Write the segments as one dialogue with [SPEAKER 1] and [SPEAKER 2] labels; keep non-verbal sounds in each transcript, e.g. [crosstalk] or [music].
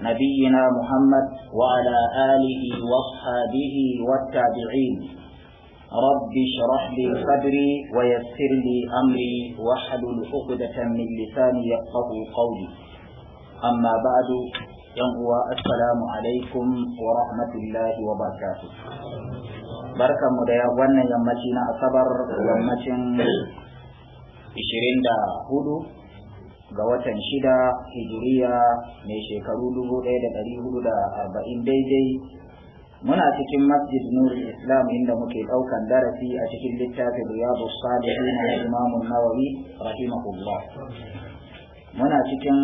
[SPEAKER 1] نبينا محمد وعلى آله واصحابه والتابعين رب اشرح لي صدري ويسر لي أمري واحلل عقدة من لساني يفقه قولي أما بعد ينقوى السلام عليكم ورحمة الله وبركاته barkan mu da wannan yammaci na asabar yammacin 24 ga watan shida hijiriya mai shekaru dubu ɗaya da ɗari hudu da arba'in daidai muna cikin masjid nur islam inda muke ɗaukan darasi a cikin littafin riyadu salihin na imamun nawawi rahimahullah muna cikin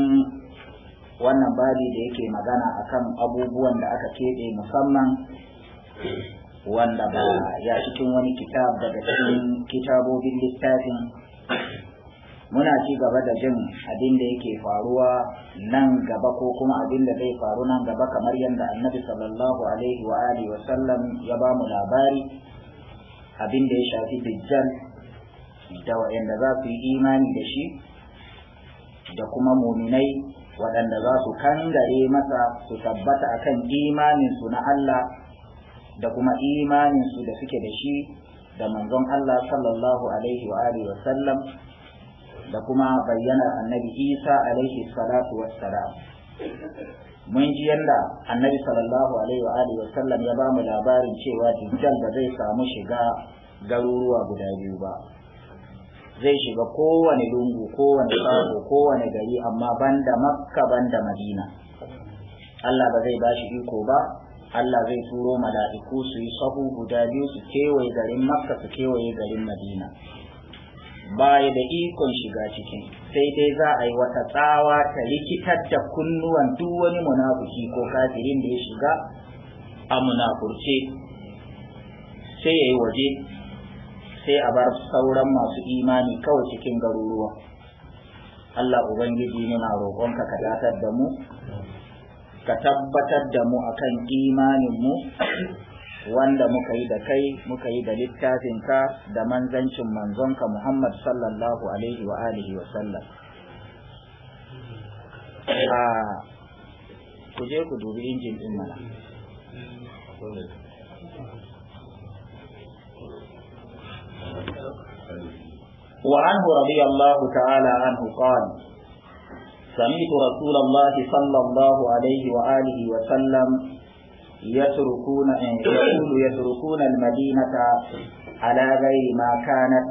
[SPEAKER 1] wannan babi da yake magana akan abubuwan da aka keɓe musamman wanda ba ya cikin wani kitab daga cikin kitabobin littafin muna ci gaba da jin abin da yake faruwa nan gaba ko kuma abin da zai faru nan gaba kamar yadda annabi sallallahu alaihi wa alihi wa sallam ya ba mu labari abin da ya shafi dajjal da waɗanda za su yi imani da shi da kuma muminai waɗanda za su kangare masa su tabbata akan imaninsu na Allah da kuma imaninsu da suke da shi da manzon Allah sallallahu alaihi wa alihi wa sallam da kuma bayyana annabi isa alaihi salatu wassalam mun ji yadda annabi sallallahu alaihi wa wa sallam ya ba mu labarin cewa dajjal ba zai samu shiga garuruwa guda biyu ba zai shiga kowane lungu kowane sako kowane gari amma banda makka banda madina Allah ba zai bashi iko ba Allah zai turo mala'iku su yi sahu guda biyu su kewaye garin makka su kewaye garin madina baya da ikon shiga cikin sai dai za a yi wata tsawa ta likitar da kunnuwan duk wani munafuki ko kafirin da ya shiga a munafurce sai ya yi waje sai a bar sauran masu imani kawai cikin garuruwa Allah Ubangiji muna roƙonka ka dakatar da mu ka tabbatar da mu akan imaninmu wanda muka yi da kai muka yi da littafinka da manzancin manzonka Muhammad sallallahu alaihi wa alihi wa sallam a ah, ku je ku dubi injin din mana وعنه رضي الله تعالى عنه قال سمعت رسول الله صلى الله عليه وآله وسلم يتركون يقول يتركون المدينة على غير ما كانت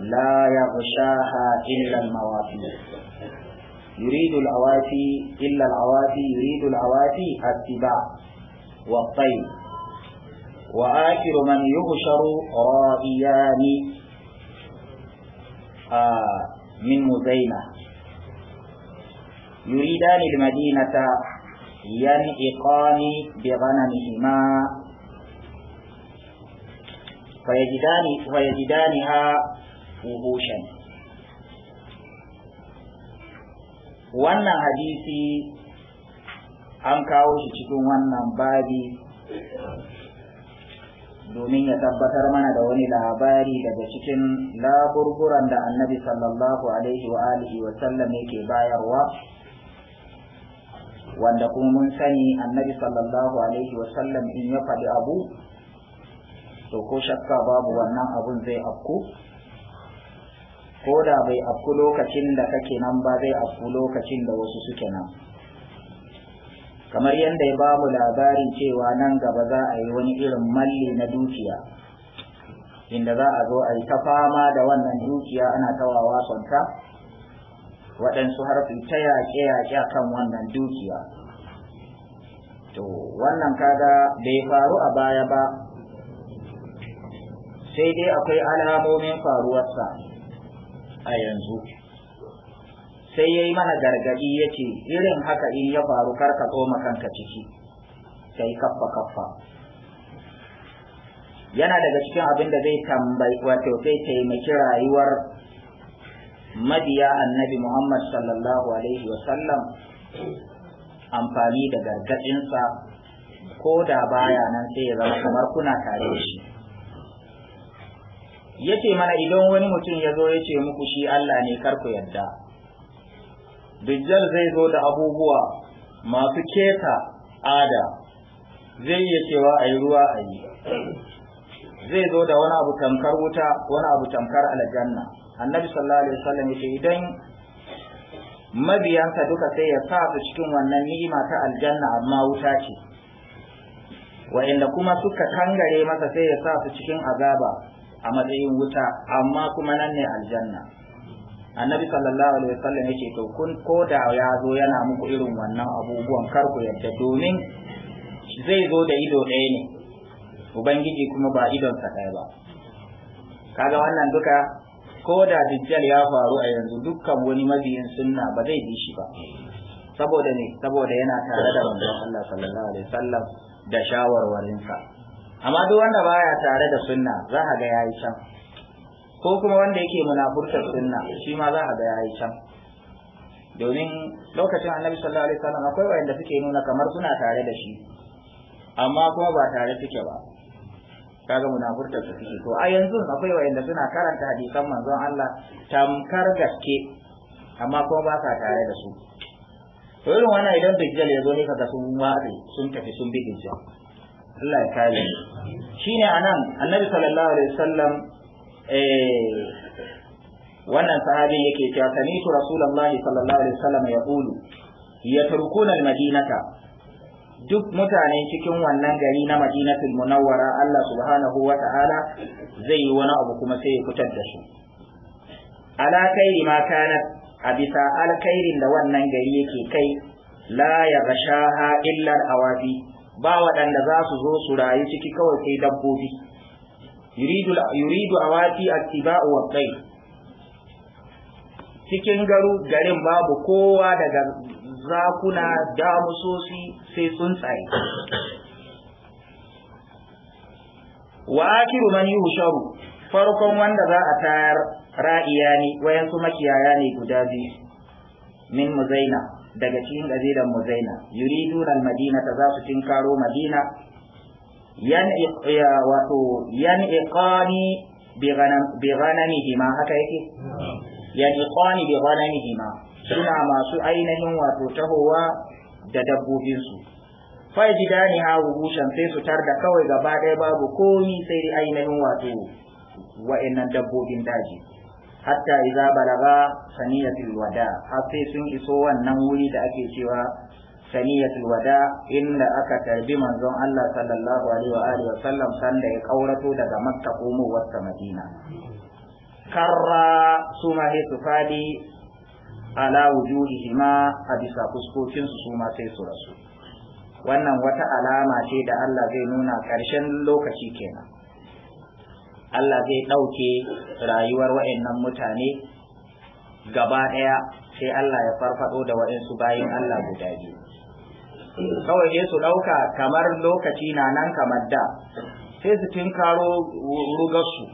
[SPEAKER 1] لا يغشاها إلا الموافي يريد الأوافي إلا الأوافي يريد الأوافي السباع والطيب وآخر من يغشر رائيان آه، من مزينة يريدان المدينة ينعقان بغنمهما فيجدان ha فهوشا wannan hadisi an kawo shi cikin wannan babi domin ya tabbatar mana da wani labari daga cikin laburburan da annabi sallallahu alaihi wa alihi wa sallam yake bayarwa wanda kuma mun sani annabi sallallahu alaihi wasallam in ya faɗi abu to ko shakka babu wannan abun zai afku ko da bai afku lokacin da kake nan ba zai afku lokacin da wasu suke nan kamar yadda ya babu mu labarin cewa nan gaba za a yi wani irin malli na dukiya inda za a zo a yi ta fama da wannan dukiya ana tawawa sonta waɗansu harfi ta yaƙe-yaƙe a kan wannan dukiya to wannan kaga bai faru a baya ba sai dai akwai alamomin faruwarsa a yanzu sai ya yi mana gargaɗi ya ce irin haka in ya faru karka tsoma kanka ciki sai kaffa kaffa yana daga cikin abin da zai tambayi wato sai taimaki rayuwar Madiya annabi Muhammad sallallahu alaihi wasallam amfani da gargadinsa ko da baya nan sai ya zama kamar kuna tare shi? shi yace mana idan wani mutum ya zo ya ce muku shi Allah ne kar ku yarda dujjal zai zo da abubuwa masu keta ada zai iya cewa a yi ruwa a yi zai zo da wani abu tamkar wuta wani abu tamkar aljanna annabi sallallahu alaihi wasallam yace idan mabiyansa duka sai ya sa su cikin wannan ni'ima ta aljanna amma wuta ce wa'inda kuma suka kangare masa sai ya sa su cikin azaba a matsayin wuta amma kuma nan ne aljanna annabi sallallahu alaihi wasallam yace to kun ko da ya zo yana muku irin wannan abubuwan kar ku yadda domin zai zo da ido ɗaya ne ubangiji kuma ba idonsa ɗaya ba kaga wannan duka ko da dajjal ya faru a yanzu dukkan wani mabiyin sunna ba zai bi shi ba saboda ne saboda yana tare da manzon Allah sallallahu alaihi wasallam da shawarwarinsa amma duk wanda baya tare da sunna za a ga yayi can ko kuma wanda yake munafurtar sunna shi ma za a ga yayi can domin lokacin annabi sallallahu alaihi wasallam akwai wanda suke nuna kamar suna tare da shi amma kuma ba tare suke ba kaga munafurta su fiye? to a yanzu akwai wayanda suna karanta hadisan manzon Allah tamkar gaske amma kuma ba sa tare da su to irin wannan idan dajjal ya zo ne kaga sun watsi sun tafi sun bi dajjal Allah ya kare shine anan annabi sallallahu alaihi wasallam eh wannan sahabi yake cewa sami'tu rasulullahi sallallahu alaihi wasallam ya yatrukuna madinaka." duk mutanen cikin wannan gari na madinatul munawwara Allah subhanahu wa ta'ala zai yi wani abu kuma sai ya fitar da su ala kairi ma kanat a bisa alkairin da wannan gari yake kai la ya gashaha illa awafi ba waɗanda za su zo su rayu ciki kawai sai dabbobi yuridu awafi attiba'u wa cikin garu garin babu kowa daga zakuna damusosi sai tsuntsaye wa akiru man yusharu farkon wanda za a tayar ra'iya ne wayansu makiyaya ne guda biyu min muzaina daga cikin gazidan muzaina al madina ta za su tinkaro madina yan wato yan iqani bi ghanamihima haka yake yan iqani bi ghanamihima suna masu ainihin wato tahowa da dabbobinsu fai gida ne ha wurushen sai su tar da kawai gaba ɗaya babu komi sai dai ainihin wato wa'annan dabbobin daji hatta iza balaga saniyatul wada har sai sun iso wannan wuri da ake cewa saniyatul wada inda aka tarbi manzon Allah sallallahu alaihi wa alihi wasallam sanda ya kaurato daga makka komo wata madina karra suma hisu ala wujuhihima a bisa fuskokinsu su ma sai su rasu wannan wata alama ce da Allah zai nuna ƙarshen lokaci kenan Allah zai ɗauke rayuwar wa'annan mutane gaba ɗaya sai Allah ya farfado da waɗansu bayan Allah guda biyu kawai sai su ɗauka kamar lokaci na nan kamar da sai su tinkaro rugarsu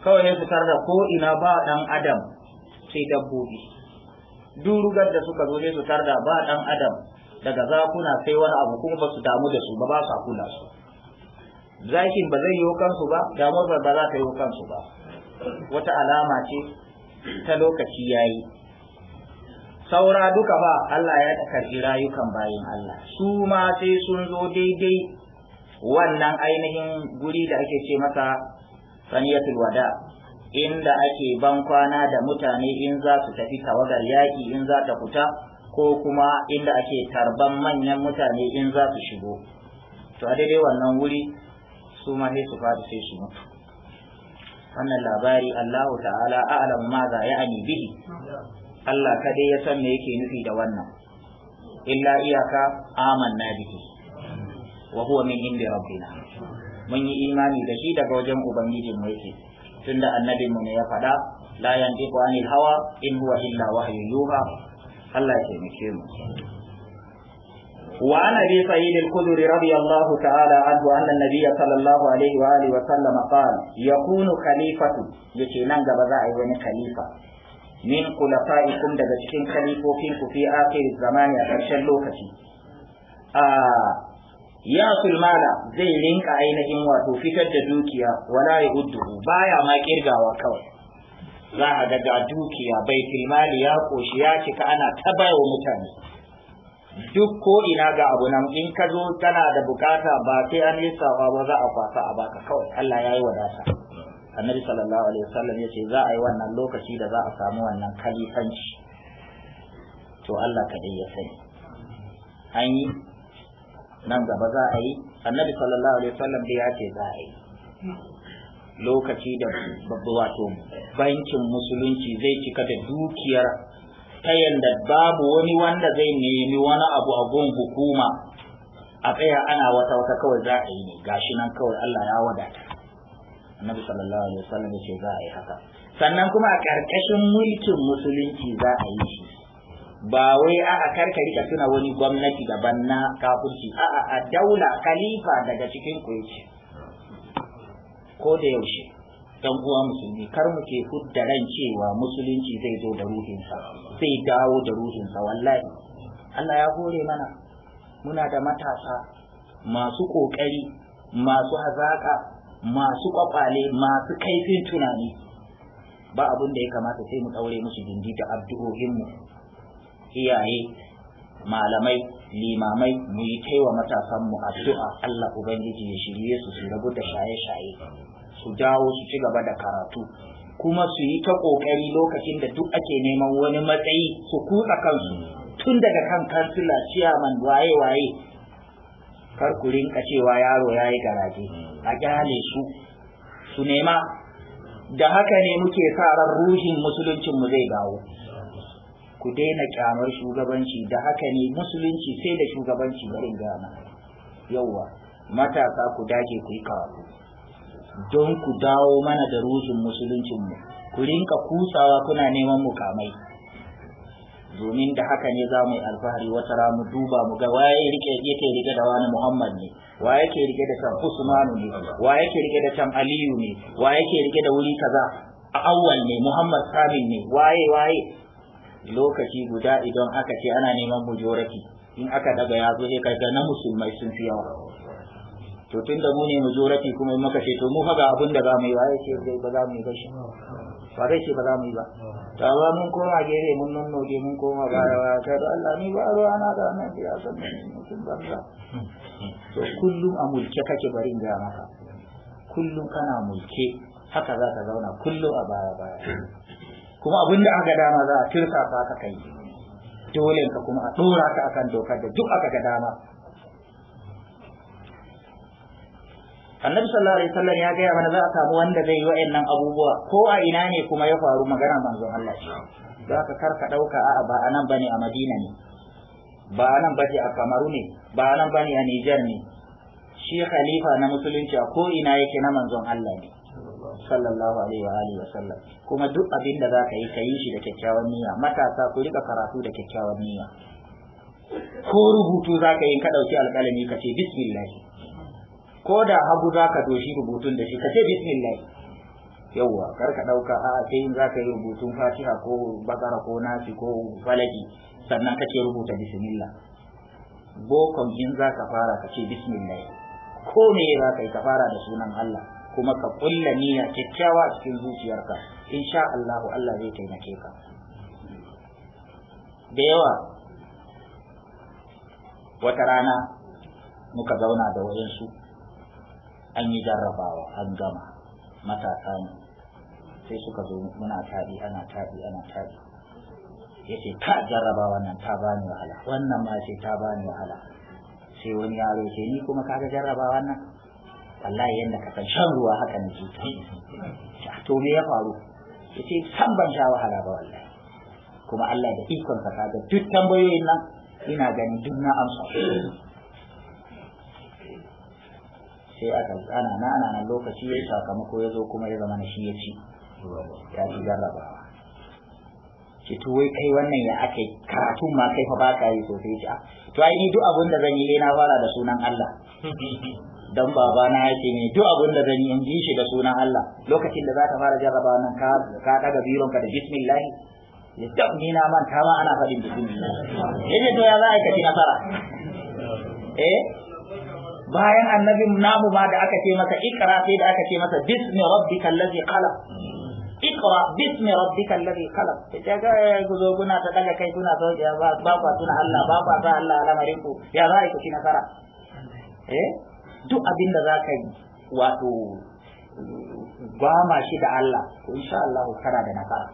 [SPEAKER 1] kawai sai su tarda ko ina ba ɗan adam sai dabbobi durugar da suka zo ne su tarda ba dan adam daga zakuna sai wani abu kuma ba su damu da su ba ba su kula su zakin ba zai yi kansu ba damar ba za ta yi kansu ba wata alama ce ta lokaci yayi saura duka ba Allah ya karbi rayukan bayin Allah su ma sai sun zo daidai wannan ainihin guri da ake ce masa saniyatul wada' inda ake ban kwana da mutane in za su tafi tawagar yaƙi in za ta fita ko kuma inda ake tarban manyan mutane in za su shigo to a daidai wannan wuri su ma sai su faɗi sai su mutu wannan labari Allahu ta'ala a'lam ma za ya ani bihi Allah dai ya san me yake nufi da wannan illa iyaka amanna bihi wa huwa min indi rabbina mun yi imani da shi daga wajen ubangijin mu yake tunda annabin mu ne ya faɗa la yantiqu anil hawa in huwa illa wahyu yuha Allah ya taimake mu وعن ابي سعيد الخدري رضي kunu تعالى عنه nan gaba za a yi wani khalifa min khulafaikum daga cikin khalifofin ku fi akhir zamani a ƙarshen lokaci a ah, ya sulmala zai rinka ainihin wato fitar da dukiya wala ya baya ma kirgawa kawai za a ga ga dukiya bai filmali ya koshi ya cika ana ta mutane duk ko ina ga abu nan in ka zo tana da bukata ba sai an yi sawa ba za a kwasa a baka kawai Allah ya yi wadata annabi sallallahu alaihi wasallam ya ce za a yi wannan lokaci da za a samu wannan kalifanci to Allah kadai ya sani an yi nan gaba za a yi annabi sallallahu alaihi wasallam da ya ce za a yi lokaci da wato bankin musulunci zai cika da dukiyar ta yadda babu wani wanda zai nemi wani abu a gun hukuma a tsaya ana wata wata kawai za a yi ne gashi nan kawai Allah ya wadata annabi sallallahu alaihi wasallam ya ce za a yi haka sannan kuma a ƙarƙashin mulkin musulunci za a yi shi ba wai a karka rika tuna wani gwamnati daban na kafirci a'a a daula khalifa daga cikin ku ko da yaushe dan uwa musulmi kar mu ke hudda ran cewa musulunci zai zo da ruhinsa zai dawo da ruhinsa wallahi Allah ya hore mana muna da matasa masu kokari masu hazaƙa, masu ƙwaƙwale, masu kaifin tunani ba abin da ya kamata sai mu daure musu gindi da addu'o'in mu iyaye malamai limamai mu yi kai matasan matasanmu addu'a Allah Ubangiji ya shirye su su rabu da shaye-shaye su dawo su ci gaba da karatu kuma su yi ta ƙoƙari lokacin da duk ake neman wani matsayi su kutsa kansu tun daga kan kansila ciyaman waye-waye kar ku rinka cewa yaro ya yi garaje a kyale su su nema da haka ne muke sa ran ruhin mu zai dawo ku daina kyamar shugabanci da haka ne musulunci sai da shugabanci barin gana yauwa matasa ku dage ku yi kawo don ku dawo mana da ruzun musuluncinmu ku rinka kusawa kuna neman mukamai domin da haka ne za mu yi alfahari wata mu duba mu ga waye rike yake rike da wani muhammad ne wa yake rike da can usmanu ne wa yake rike da can aliyu ne wa yake rike da wuri kaza a awwal ne muhammad samin ne waye waye lokaci guda idan aka ce ana neman majority in aka daga zo kai ga na musulmai sun fi yawa to tun da mu ne majority kuma muka ce to mu fa ga abin da za mu yi ba ce ba za mu yi ba shi ba dai ce ba za mu yi ba to amma mun koma gere mun nonnoge mun koma baya baya ta da Allah ni ba ruwa na da nan ya san mutum banza to kullum a mulke kake barin ga maka kullum kana mulke haka za ka zauna kullum a baya baya kuma abin da aka dama za a tirsasa ka kai dole ka kuma a dora ka akan dokar da duk aka ga dama annabi sallallahu alaihi wasallam ya gaya mana za a samu wanda zai yi wa'annan abubuwa ko a ina ne kuma ya faru magana manzon Allah za ka karka dauka a'a ba anan bane a Madina ne ba anan bane a Kamaru ne ba anan bane a Niger ne shi khalifa na musulunci a ko ina yake na manzon Allah ne sallallahu alaihi wa alihi wa sallam kuma duk abin da zaka yi kayi shi da kyakkyawan niyya matasa ku rika karatu da kyakkyawan niyya ko rubutu zaka yi ka dauki alƙalami ka ce bismillah ko da hagu zaka doshi rubutun da shi ka ce bismillah yawwa kar ka dauka a sai in zaka yi rubutun fatiha ko bakara ko nasi ko falaki sannan kake rubuta bismillah bokon in zaka fara ka ce bismillah ko me zaka yi ka fara da sunan Allah kuma ka kulla niyya kyakkyawa a cikin zuciyarka insha Allah Allah zai taimake ka da yawa wata rana muka zauna da wajensu an yi jarrabawa an gama matasa ne sai suka zo muna taɗi ana taɗi ana taɗi ya ce ta jarrabawa nan ta bani wahala wannan ma ce ta bani wahala sai wani yaro ce ni kuma kaga jarrabawa nan wallahi yadda ka san shan ruwa haka na ji to me ya faru ya ce san ban sha wahala ba wallahi kuma Allah da ikon sa ga duk tambayoyin nan ina gani duk na amsa sai aka tsana na ana nan lokaci ya sakamako ya zo kuma ya zama na shi ya ci ya ci jarrabawa ce to kai wannan ya ake karatu ma kai fa ba ka yi sosai ce ah, to ai ni duk abin da zan yi na fara da sunan Allah dan babana na yake ne duk abin da zan yi in ji shi da sunan Allah lokacin da za zaka fara jarraba nan ka ka daga biron da bismillah ya ni na man ta ma ana fadin bismillah yaje to ya za ka ci nasara eh bayan annabi namu ma da aka ce masa ikra sai da aka ce masa bismi rabbikal ladhi khalaq ikra bismi rabbikal ladhi khalaq ta ga ku zo kuna ta daga kai kuna so ba ba ku tuna Allah ba ku sa Allah alamarin ku ya za ku ci nasara eh duk abin da za ka wato gwama shi da Allah to insha Allah kana da nasara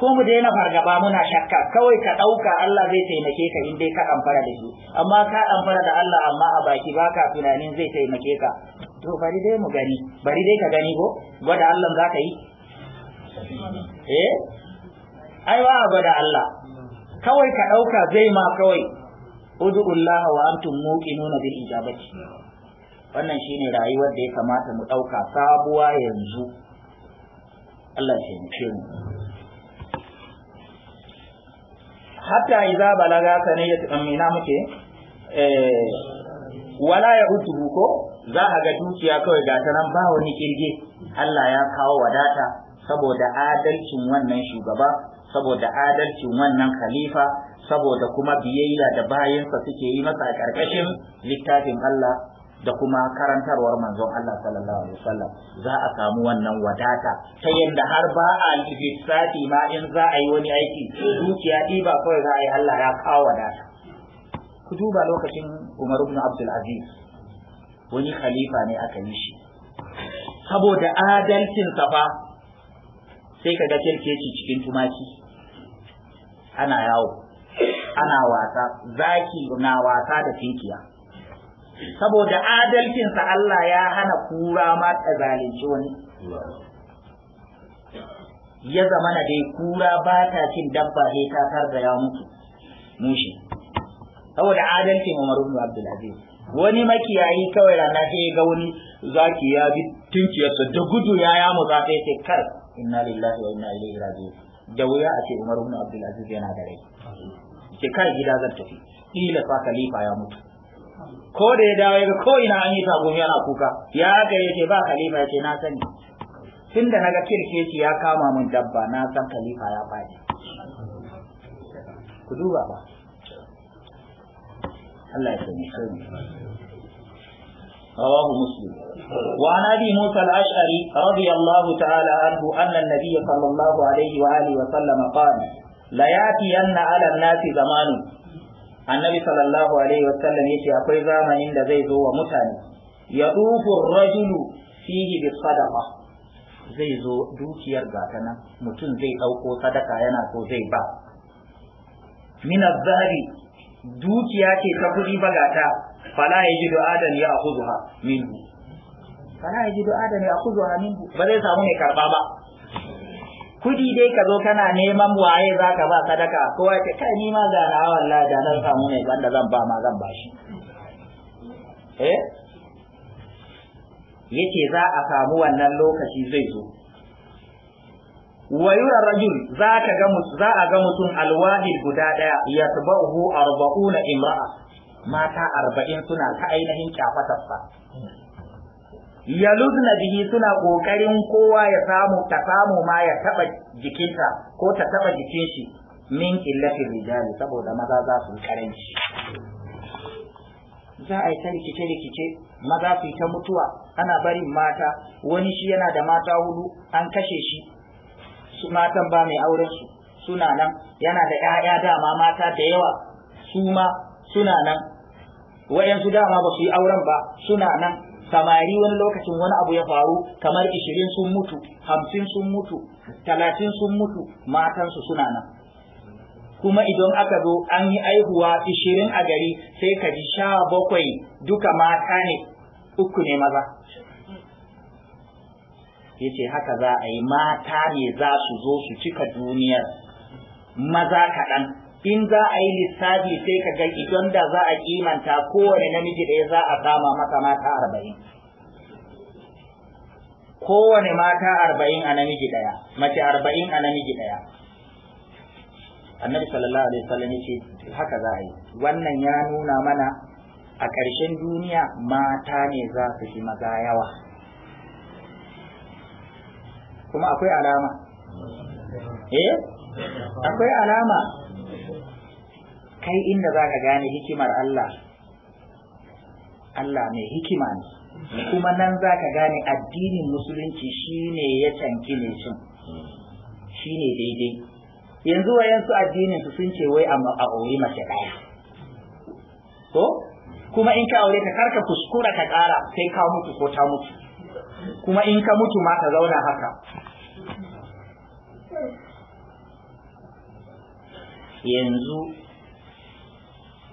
[SPEAKER 1] ko mu daina fargaba muna shakka kawai ka dauka Allah zai taimake ka in dai ka amfara da shi amma ka amfara da Allah amma a baki baka tunanin zai taimake ka to bari dai mu gani bari dai ka gani ko gwada Allah za ka yi eh ai wa gwada Allah kawai ka dauka zai ma kawai udu wa antum muqinuna bil ijabati wannan shine rayuwar da ya kamata mu ɗauka sabuwa yanzu Allah ya ce mu hatta idza balaga amina muke eh wala ya utubu ko za a ga dukiya kawai ga nan ba wani kirge Allah ya kawo wadata saboda adalcin wannan shugaba saboda adalcin wannan khalifa saboda kuma biyayya da bayansa suke yi masa a ƙarƙashin littafin Allah da kuma karantarwar manzon Allah sallallahu alaihi wasallam za a samu wannan wadata ta yadda har ba a lissafi ma in za a yi wani aiki dukiya ba kawai za a yi Allah ya kawo wadata ku duba lokacin Umar ibn Abdul Aziz wani khalifa ne aka yi shi saboda adalcin sa fa sai kaga kirkeci cikin tumaki ana yawo ana wasa zaki na wasa da tinkiya saboda adalcinsa Allah ya hana kura ma ta zalunci wani ya zama na dai kura ba ta cin dabba sai ta da ya mutu mushi saboda adalcin Umar ibn Abdul Aziz wani makiyayi kawai rana sai ga wani zaki ya bi tunkiyarsa da gudu ya ya mu ta yace kar inna lillahi wa inna ilaihi raji'un da wuya a ce Umar ibn Abdul Aziz yana da rai ce kai gida zan tafi kila fa khalifa ya mutu ko da ya dawo ya ko ina an yi tagumi yana kuka ya aka ba ba khalifa yace na sani tun da naga kirkeci ya kama mun dabba na san khalifa ya faɗi ku duba ba Allah ya sani sani رواه مسلم وعن ابي موسى الاشعري رضي الله تعالى عنه ان النبي صلى الله عليه واله وسلم قال لياتين على الناس زمان annabi sallallahu alaihi wasallam yace akwai zamanin da zai zo wa mutane ya dufu rajulu fihi bi sadaqa zai zo dukiyar gata nan mutum zai dauko sadaka yana so zai ba min azhari dukiya ce ta kudi bagata fala yajidu adam ya khudha minhu fala yajidu adan ya khudha minhu ba zai samu mai karba ba kudi dai ka zo kana neman waye za ka ba sadaka kowa ce kai ni ma da na wallahi da nan samu ne banda zan ba ma zan ba shi eh yace za a samu wannan lokaci zai zo wayura rajul za ka ga za a ga mutum alwahid guda daya yatba'uhu 40 imra'a mata arba'in suna ta ainihin kyafatarsa yaludna bihi suna kokarin kowa ya samu ta samu ma ya taba jikinta ko ta taba jikin shi min illatin rijali saboda maza za su karanci za a yi ta rikice-rikice maza su ta mutuwa ana barin mata wani shi yana da mata hudu an kashe shi su matan ba mai auren su suna nan yana da 'ya'ya dama mata da yawa su ma suna nan waɗansu dama ba su yi auren ba suna nan samari wani lokacin wani abu ya faru kamar ishirin sun mutu hamsin sun mutu talatin sun mutu matansu suna nan kuma idan aka zo an yi aihuwa ishirin a gari sai ka ji sha bakwai duka mata ne uku ne maza yace haka za a yi mata ne za su zo su cika duniyar maza kaɗan in za a yi lissafi sai ka ga idan da za a kimanta kowane namiji da ya za a sama masa mata arba'in kowane mata arba'in a namiji ɗaya, mace arba'in a namiji ɗaya annabi sallallahu alaihi wasallam yace haka za a yi wannan ya nuna mana a ƙarshen duniya mata ne za su fi maza yawa kuma akwai alama eh
[SPEAKER 2] akwai alama
[SPEAKER 1] kai inda za ka gane hikimar Allah Allah mai hikima ne kuma nan za ka gane addinin musulunci shine ya canki ne cin shine daidai yanzu wayansu addinin su sun ce wai a ori mace daya ko kuma in ka aure ta karka kuskura ka kara sai ka mutu ko ta mutu kuma in ka mutu ma ka zauna haka yanzu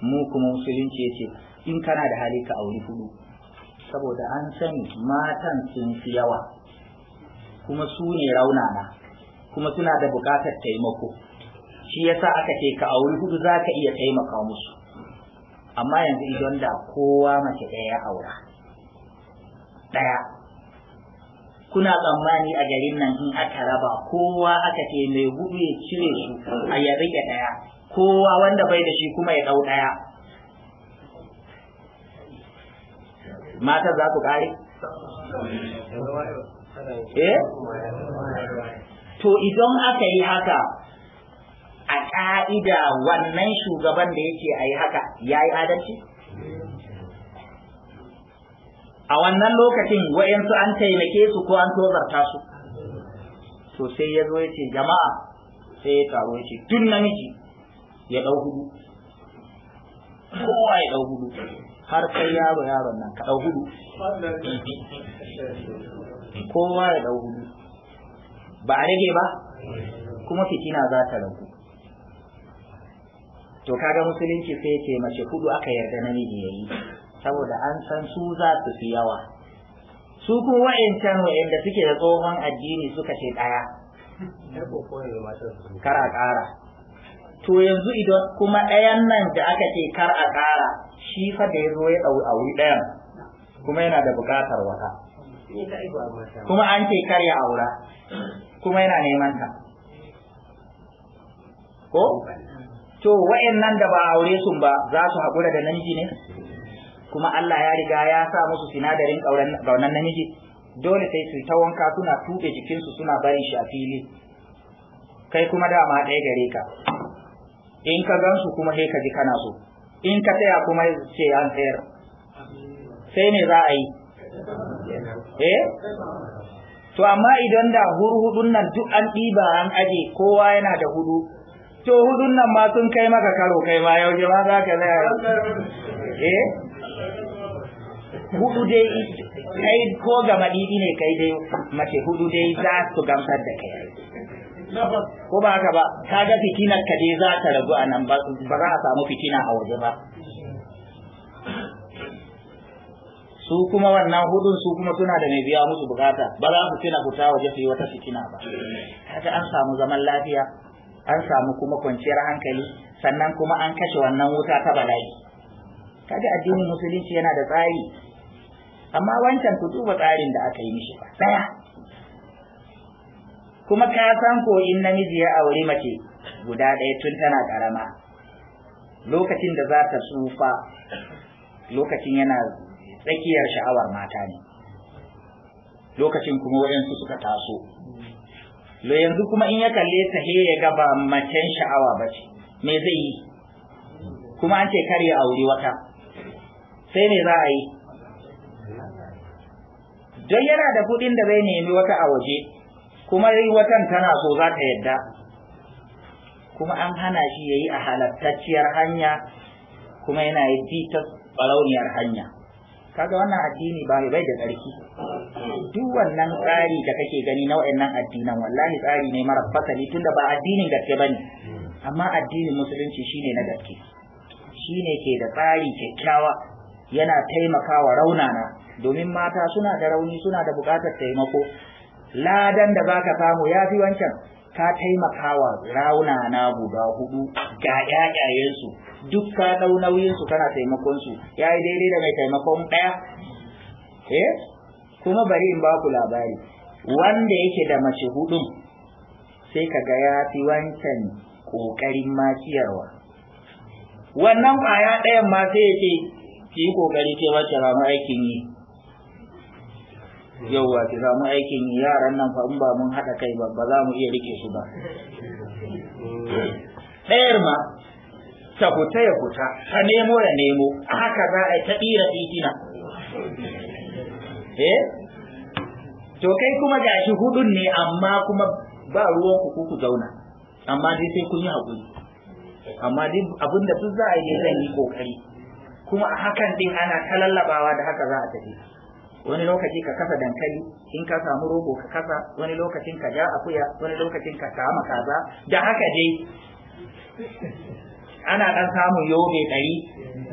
[SPEAKER 1] mu kuma musulunci ce in kana da hali ka auri hudu saboda an sani matan sun fi yawa kuma su ne raunana kuma suna da bukatar taimako shi yasa aka ce ka auri hudu za ka iya taimaka musu amma yanzu idan da kowa mace ɗaya ya aura ɗaya kuna tsammani a garin nan in aka raba kowa aka ce mai hudu ya cire su a ya rike daya kowa wanda bai da shi kuma ya dau daya mata za ku kare eh to idan aka yi haka a ka'ida wannan shugaban da yake a yi haka ya yi adalci a wannan lokacin wa'yansu an taimake su ko an tozarta su to sai ya zo ya ce jama'a sai ya taro ya ce tun namiji ya ɗau hudu
[SPEAKER 2] kowa ya ɗau hudu
[SPEAKER 1] har sai yaro yaron nan ka ɗau hudu kowa ya ɗau hudu ba a rage ba kuma fitina za ta ragu to kaga musulunci sai ce mace hudu aka yarda namiji ya yi saboda an san su za su fi yawa su ku wa'incan wa'inda suke da tsohon addini suka ce ɗaya kar a ƙara to yanzu idan kuma ɗayan nan da aka ce kar a ƙara shi fa da ya zo ya ɗau a wuri ɗayan kuma yana da buƙatar wata kuma an ce kar ya aura kuma yana neman ta ko to wa'annan da ba aure sun ba za su haƙura da namiji ne kuma Allah ya riga ya sa musu sinadarin ƙaunar namiji dole sai su ta wanka suna tuɓe jikinsu suna barin shi a fili kai kuma dama ɗaya gare ka in ka gansu kuma sai ka ji kana so in ka taya kuma ce an tsayar sai ne za a yi eh to amma idan da hurhudun nan duk an ɗiba an aje kowa yana da hudu to hudun nan ma sun kai maka karo kai ma yau ma za ka zaya eh hudu dai kai ko ga madidi ne kai dai mace hudu dai za su gamsar da kai ko ba haka ba kaga fitinar ka dai za ta ragu a nan ba za a samu fitina a waje ba su kuma wannan hudun su kuma suna da mai biya musu bukata ba za su tuna fita waje su yi wata fitina ba kaga an samu zaman lafiya an samu kuma kwanciyar hankali sannan kuma an kashe wannan wuta ta bala'i kaga addinin musulunci yana da tsari amma wancan ku duba tsarin da aka yi mishi daya kuma ka san ko in namiji ya aure mace guda daya tun tana karama lokacin da za ta tsufa lokacin yana tsakiyar sha'awar mata ne lokacin kuma waɗansu suka taso lo yanzu kuma in ya kalle ta he ya ga ba macen sha'awa ba me zai yi kuma an ce kar ya auri wata sai ne za a yi don yana da kudin da zai nemi wata a waje kuma yi watan tana so za ta yadda kuma an hana shi ya yi a halattacciyar hanya kuma yana yi titas barauniyar hanya kaga wannan addini ba bai da tsarki duk wannan tsari da kake gani na waɗannan addinan wallahi tsari ne mara fasali tunda ba addinin gaske bane amma addinin musulunci shine na gaske shine ke da tsari kyakkyawa yana taimakawa raunana domin mata suna da rauni suna da buƙatar taimako ladan da baka samu ya fi wancan ka taimakawa raunana guda hudu ga 'ya'yayensu. duk ka ɗau su kana taimakonsu ya yi daidai da mai taimakon ɗaya eh kuma bari in ba ku labari wanda yake da mace hudun sai ka ga ya fi wancan ƙoƙarin makiyarwa wannan ƙwaya ɗayan ma sai yake ki yi kokari ke wacce mu aikin yi yauwa ki samu aikin yi yaran nan fa in ba mun haɗa kai ba ba za mu iya rike su ba ɗayar ma ta kuta ya kuta ta nemo ya nemo haka za a yi ta ɗira titina eh to kai kuma gashi hudun ne amma kuma ba ruwan ku ku zauna amma dai sai kun yi haƙuri amma dai abinda duk za a yi zan yi kokari kuma a hakan din ana ta lallabawa da haka za a tafi wani lokaci ka kasa dankali in ka samu rogo ka kasa wani lokacin ka ja akuya wani lokacin ka kama kaza da haka dai ana dan samun yobe ɗari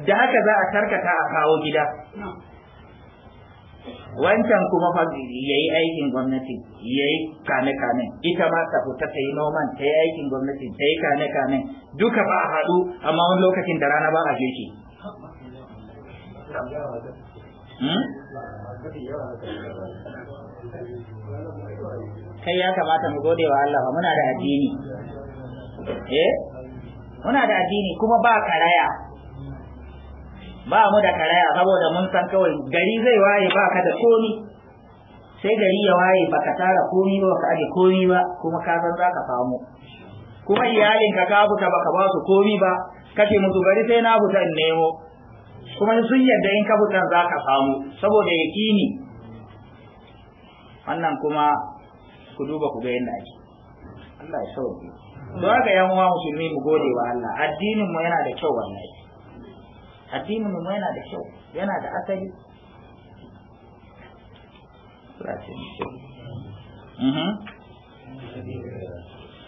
[SPEAKER 1] da haka za a tarkata a kawo gida wancan kuma fa ya yi aikin gwamnati ya yi kane-kane ita ma ta fita ta yi noman ta yi aikin gwamnati ta yi kane-kane duka ba a haɗu amma wani lokacin da rana ba a shi.
[SPEAKER 2] Hmm?
[SPEAKER 1] kai ya kamata mu gode wa Allah muna da addini eh muna da addini kuma ba karaya ba mu da karaya saboda mun san kawai gari zai waye ba ka da komi sai gari ya waye ba ka tara komi ba ka aje komi ba kuma ka san za ka samu kuma iyalinka ka buta ba ka ba su komi ba kace musu gari sai na buta in nemo kuma sun yadda in ka fitar za ka samu saboda ni. wannan kuma ku duba ku ga yadda ake Allah ya sauke don haka yan uwa musulmi mu gode wa Allah addinin mu yana da kyau wallahi addinin mu yana da kyau yana da asali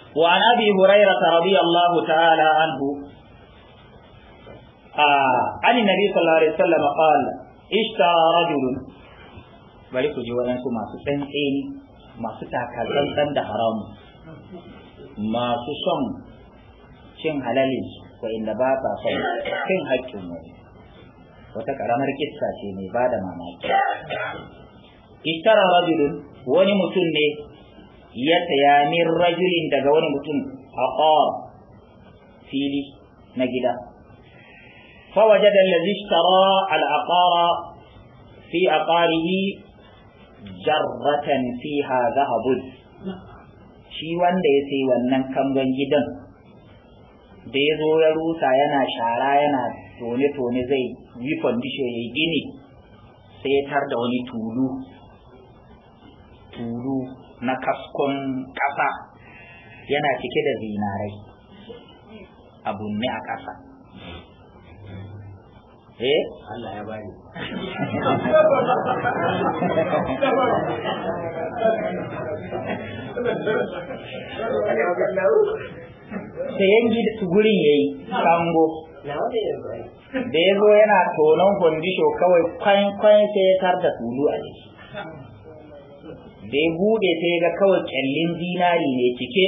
[SPEAKER 1] وعن ابي هريره رضي الله تعالى عنه عن النبي صلى الله عليه وسلم قال اشترى رجل bari ku ji waɗansu masu tsantseni masu takatsantsan da haramu masu son cin halalin ko wa'inda ba sa son cin haƙƙin mu. wata ƙaramar kissa ce mai ba da mamaki ishtara rajulun wani mutum ne ya saya min rajulin daga wani mutum a fili na gida فوجد الذي اشترى العقار في عقاره جرة فيها ذهب shi wanda ya sai wannan kangon gidan da ya zo ya rusa yana shara yana tone-tone zai yi fondisho gini sai ya tar da wani tulu tulu na kaskon ƙasa yana cike da zinarai abu ne a ƙasa eh Allah ya bani sayan gida yayi kango da ya zo yana tonon kwandisho kawai kwan sai ya tar da tulu a jiki, da ya bude sai ga kawai kyallin zinari ne cike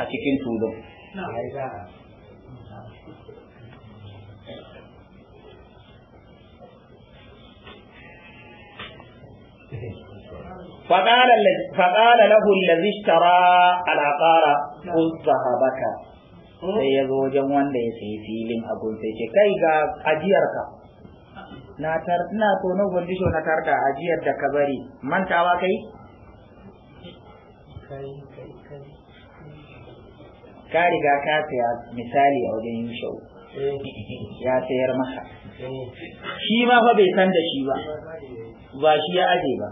[SPEAKER 1] a cikin tulun فقال له الذي اشترى العقار قل صحبك sai ya zo wajen wanda ya sayi filin abun sai ce kai ga ajiyarka na tar ina so na gwandisho na tarda ajiyar da ka bari mantawa kai ka riga ka saya misali a wajen yin yushau ya sayar maka
[SPEAKER 2] shi ma
[SPEAKER 1] fa bai san da shi ba ba shi ya aje ba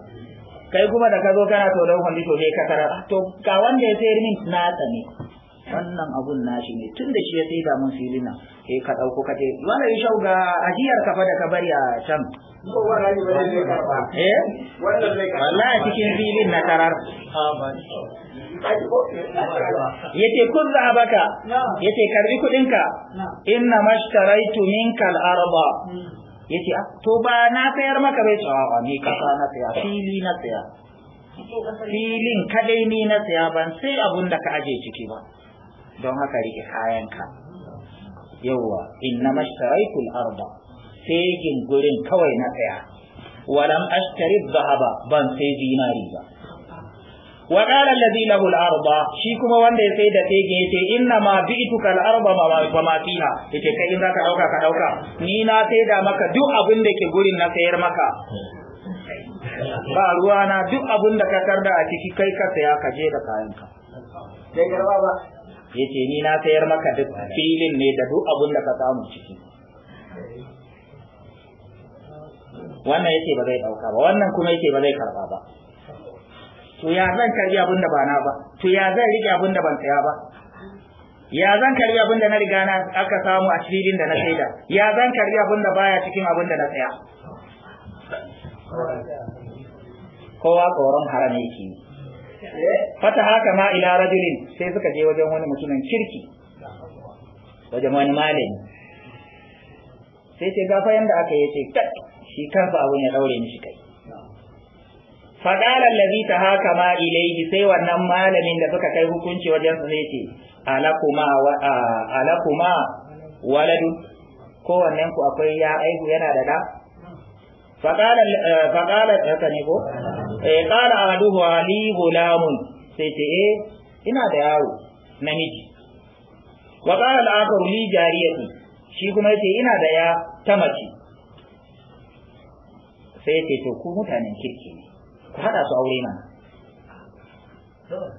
[SPEAKER 1] kai kuma da ka zo kana to da wani to ka kasara to ga wanda ya sayar min na tsane wannan abun na shi ne tun da shi ya sai da mun filina sai ka dauko ka ce wannan ya shauga ajiyar ka fa da ka bari a can eh cikin filin na tarar
[SPEAKER 2] Ya yace
[SPEAKER 1] kun zahabaka yace karbi kudinka inna mashtaraitu minkal Ya ce ah, to ba na sayar maka bai tsawa ni kasa na saya fili na saya filin kadai ni na saya ban sai abun da ka aje ciki ba don haka rike kayanka yawwa inna mashtaraitu al arda fegin gurin kawai na tsaya walam ashtarib zahaba ban sai zinari ba wa qala alladhi lahu al-arda shi kuma wanda ya sai da fege yace inna ma bi'tuka al-arda wa ma fiha yace kai in zaka dauka ka dauka ni na sai da maka duk abin da ke gurin na sayar maka ba ruwa na duk abin da ka tarda a ciki kai ka saya ka je da kayanka sai garba ba yace ni na sayar maka duk filin ne da duk abin da ka samu ciki wannan yake ba zai dauka ba wannan kuma yake ba zai karba ba to ya zan karbi abinda ba na ba to ya zan rike abinda ban tsaya ba ya zan karbi abinda na riga na aka samu a cikin da na saida ya zan karbi abinda baya cikin abinda na tsaya? kowa tsoron haram yake fata haka ma ila rajulin sai suka je wajen wani mutumin kirki wajen wani malami sai ce gafa yanda aka yi ce shi kansa abun ya daure mishi kai faɗalar lazi ta haka ma ilaihi sai wannan malamin da suka kai hukunci wajen su ne ce alakuma waladu kowannen ku akwai ya aihu yana da da faɗalar eh, haka ne ko eh ƙara aduhu ali gulamun sai ce eh ina da yawo namiji wa ƙara al'akaru li jariyati shi kuma yace ina da ya ta mace sai ya ce to ku mutanen kirki ne ku haɗa su aure mana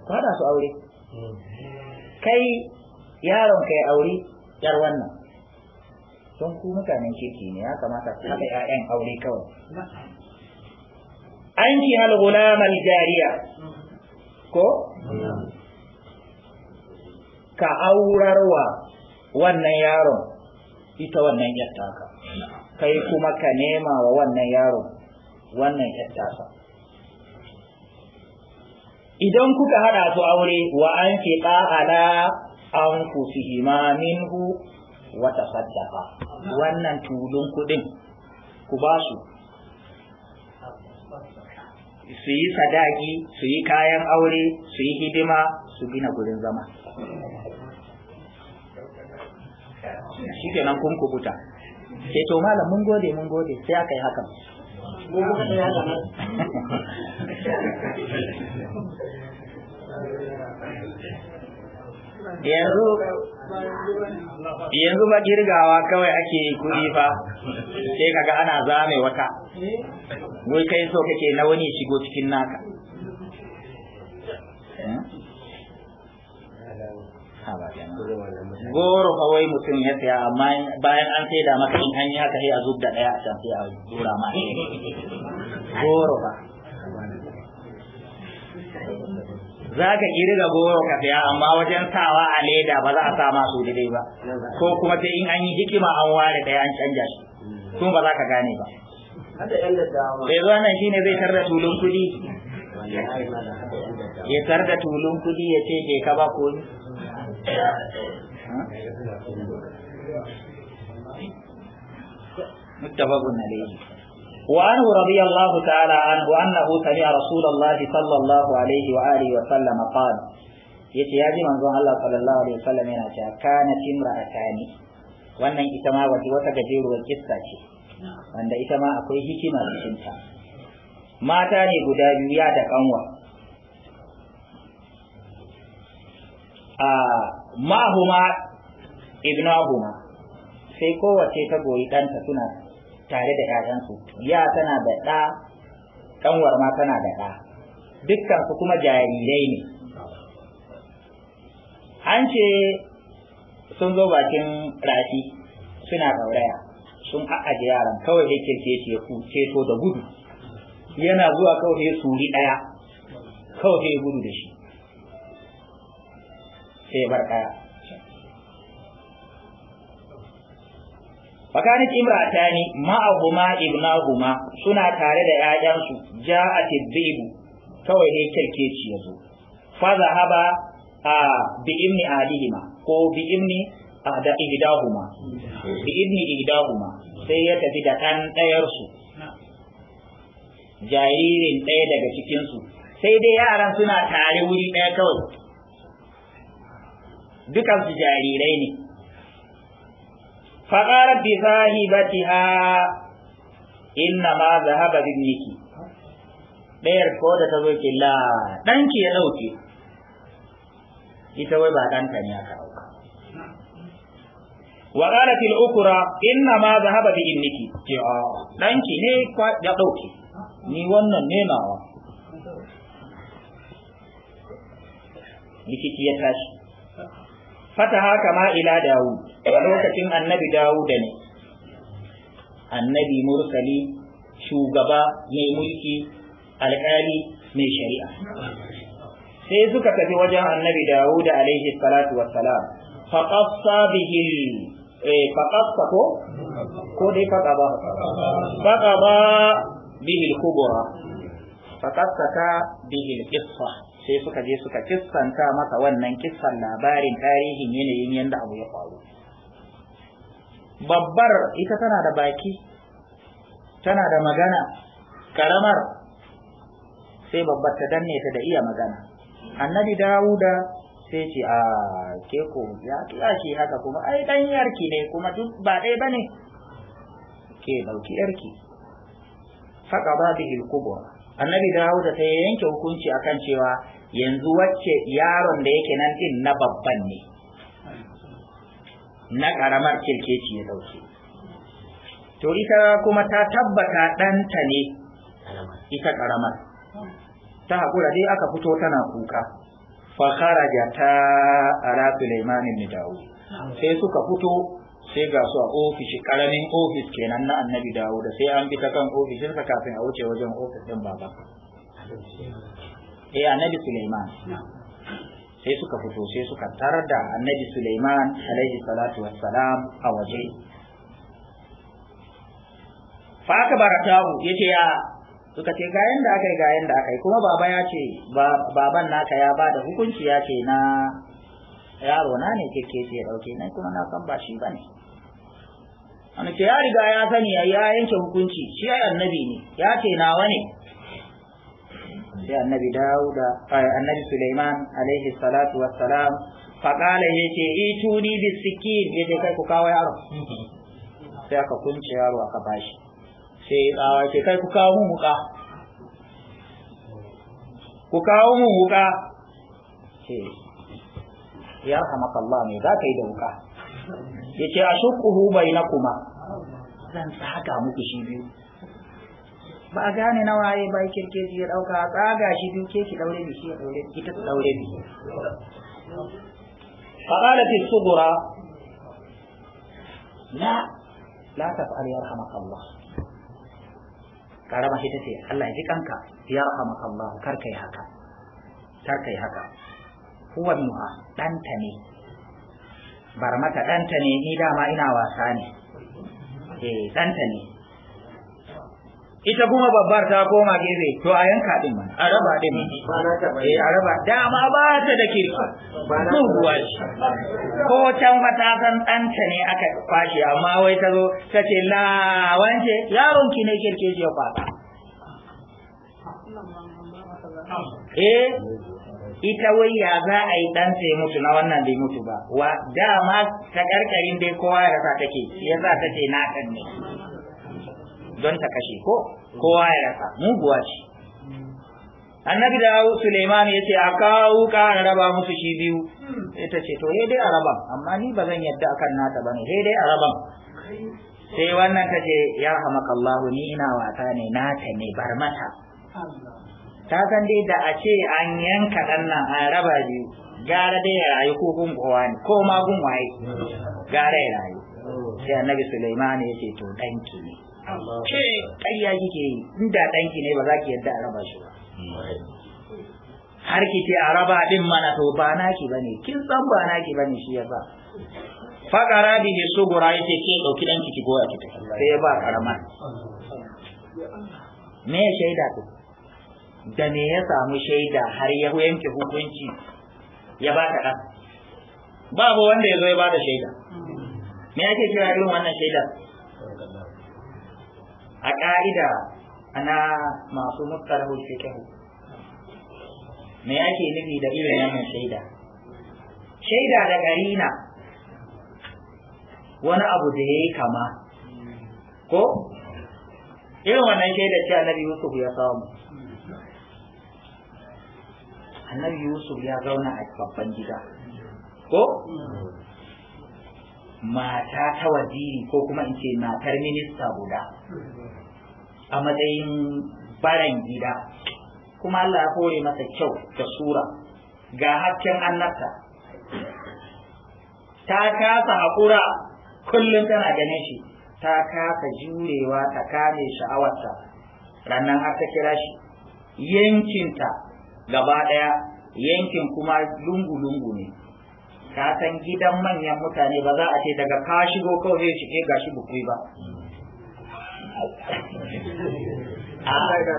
[SPEAKER 1] ku haɗa su aure kai yaron kai aure yar wannan don ku mutanen kirki ne ya kamata ku hada ƴaƴan aure kawai an ki hal gulam al jariya ko ka aurarwa wannan yaron ita wannan ka. kai kuma ka nema wa wannan yaron wannan yattasa idan kuka hada su aure wa an fi ala an kusihima minhu wata tasaddaqa wannan tulun kudin ku ba su su yi sadaki su yi kayan aure su yi hidima su gina gurin zama
[SPEAKER 2] shi kenan kun
[SPEAKER 1] kubuta sai eh, to malam mun gode mun gode sai aka yi
[SPEAKER 2] hakan yanzu yanzu
[SPEAKER 1] ba girgawa kawai ake yi kuɗi fa sai kaga ana zame wata wai kai so kake na wani shigo cikin naka goro kawai mutum ya saya amma bayan an sai da maka in an yi haka sai a zub da daya a can sai a dora ma goro ba za ka da goro ka saya amma wajen sawa a leda ba za a sa ma su daidai ba ko kuma sai in an yi hikima an ware daya an canja shi sun ba za ka gane ba bai zo nan shine zai tarda tulun kudi ya tarda tulun kudi ya ce ke ka ba koyi متفق عليه وعنه رضي الله تعالى عنه أنه سمع رسول الله صلى الله عليه وآله وسلم قال يتياجي من ظن الله صلى الله عليه وسلم ينجا كانت امرأة ثاني وأن إتماع wata wata gajeruwar kissa ce wanda ita ma ما hikima cikinta mata ne guda biyu ma'ahuma ibnahuma sai kowace ta goyi ɗanta suna tare da ƴaƴansu ya tana da ɗa ƙanwar ma tana da ɗa dukkan su kuma jarirai ne an ce sun zo bakin rafi suna ɗauraya sun a'aje yaran kawai ya kirke ceto da gudu yana zuwa kawai ya suri ɗaya kawai gudu da shi sai bar daya fakanit imratani ma'ahuma ibnahuma suna tare da 'ya'yansu ja a dhibu kawai ne kirkeci yazo fa zahaba a bi ibni ko bi ibni da bi ibni sai ya tafi da ɗan ɗayarsu jaririn ɗaya daga cikinsu sai dai yaran suna tare wuri ɗaya kawai dukansu jarirai ne faƙarar bi sahibatiha inna ma zahaba binniki ɗayar ko da ta zo ki la ɗanki ya ɗauke ita wai ba ɗanta ne aka ɗauka wa qalat al ukra inna ma zahaba bi inniki ki a ɗanki ne ya ɗauke ni wannan ne nawa likiti ya tashi Fata haka ma ila dawud a lokacin annabi dawud ne annabi mursali shugaba mai mulki alkali mai shari'a sai suka tafi wajen annabi dawud alaihi salatu wassalam faqassa bihi eh faqassa ko ko dai faqaba faqaba bihi al-kubra faqassa bihi al-qissa sai suka je suka kissanta masa wannan kissan labarin tarihin yanayin yadda abu ya faru babbar ita tana da baki tana da magana karamar sai babbar ta danne ta da iya magana annabi dawuda sai ce a ke ko ya kiyashi haka kuma ai dan yarki ne kuma duk ba ɗaya bane ke dauki yarki faka ba al kubra annabi dawuda sai yanke hukunci akan cewa yanzu wacce yaron da yake nan din na babban ne na karamar kirkeci ya dauke to ita kuma ta tabbata ɗanta ne ita karamar ta haƙura dai aka fito tana kuka fa kharaja ta ala sulaiman ibn dawud sai suka fito sai ga su a ofishi karamin ofis kenan na annabi dawo da sai an bi ta kan sa kafin a wuce wajen ofis din baba eh annabi suleiman sai suka fito sai suka tarar da annabi suleiman alaihi salatu wassalam a waje fa aka baratahu yace ya suka ce ga yanda akai ga yanda akai kuma baba ya ce baban naka ya ba da hukunci ya ce na yaro na ne keke ya dauke na kuma na san ba shi bane wani ce ya riga ya sani ya yanke hukunci shi ya annabi ne ya ce nawa ne sai annabi dauda annabi suleiman alaihi salatu wassalam faƙala ya ce ituni bi sikin ya ce kai ku kawo yaro sai aka kunce yaro aka bashi sai tsawa ce kai ku kawo mu muka ku kawo mu muka ce ya hamakallah me za ka yi da wuka yace na kuma. zan tsaga muku shi biyu ba a gane na waye ba kirke ya ɗauka a tsaga shi biyu ke ki daure bi shi ya daure ki ta daure bi fa qalat as-sughra la la taf'al yarhamaka Allah karama shi tace Allah ya ji kanka yarhamaka Allah kar kai haka kar yi haka huwa nuha danta ne bar mata ɗanta ne ni dama ina wasa ne eh ɗanta ne ita kuma babbar ta koma gefe to a yanka din ma a raba din ma eh a raba dama ba ta da kirki muguwa shi ko can fa ta san ɗanta ne aka kwashe amma wai ta zo ta ce la wance yaron ki ne kirki ya kwata eh ita wai ya za a yi dan sai mutu na wannan bai mutu ba wa dama ta karkarin dai kowa ya rasa take ya za ta ce na kan ne don ta kashe ko kowa ya rasa muguwa ce annabi da suleiman ya ce a kawo ƙara raba musu shi biyu ita ce to he dai a raban amma ni ba zan yadda akan nata bane he dai a raban sai wannan ta ce ya hamakallahu ni ina wata ne nata ne bar mata ta san dai da a ce an yanka ɗan nan an raba biyu gara dai ya rayu ko gungowa ne ko ma gun waye gara ya rayu sai annabi Sulaiman ya ce to danki ne ke ƙarya kike yi inda danki ne ba za ki yadda a raba shi ba har ki ce a raba din mana to ba naki bane kin san ba naki bane shi yasa faqara bihi sugura yace ke dauki danki ki goya ki sai ya ba ƙaramar me shaida to da me ya samu shaida har ya yanke hukunci ya ba ta babu wanda ya zo ya ba da shaida me ake kira irin wannan shaida? a ƙa'ida ana masu mutsar fiqhu me ake nufi da irin wannan shaida shaida da na. wani abu da ya yi kama ko irin wannan shaida ce annabi yusuf ya samu annabi yusuf ya zauna a babban gida ko mata ta waziri ko kuma in ce matar minista guda a matsayin baran gida kuma Allah ya kore masa kyau da sura ga hasken annabta ta kasa haƙura kullum tana ganin shi ta kasa jurewa ta kame sha'awarta rannan har ta kira shi yankinta gaba ɗaya yankin kuma lungu-lungu ne ka san gidan manyan mutane ba za a ce daga ka shigo kawai zai shige ga shi bukui ba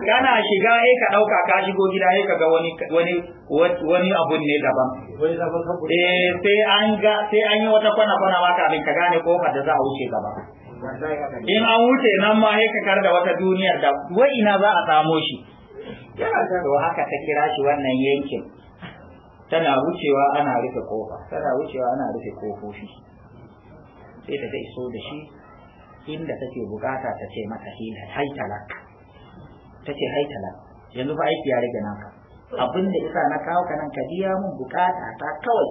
[SPEAKER 1] kana shiga sai ka ɗauka ka shigo gida sai ka ga wani wani wani ne daban eh sai an ga sai an yi wata kwana kwana ma kafin ka gane kofar da za a wuce gaba in an wuce nan ma sai ka kar da wata duniyar da wai ina za a samo shi yana ta haka ta kira shi wannan yankin tana wucewa ana rufe kofa tana wucewa ana rufe kofofi sai ta so da shi inda take bukata ta ce mata haitalak ta ce haitalar. yanzu fa aiki ya rage naka abin da isa na kawo ka ka biya mun bukata ta kawai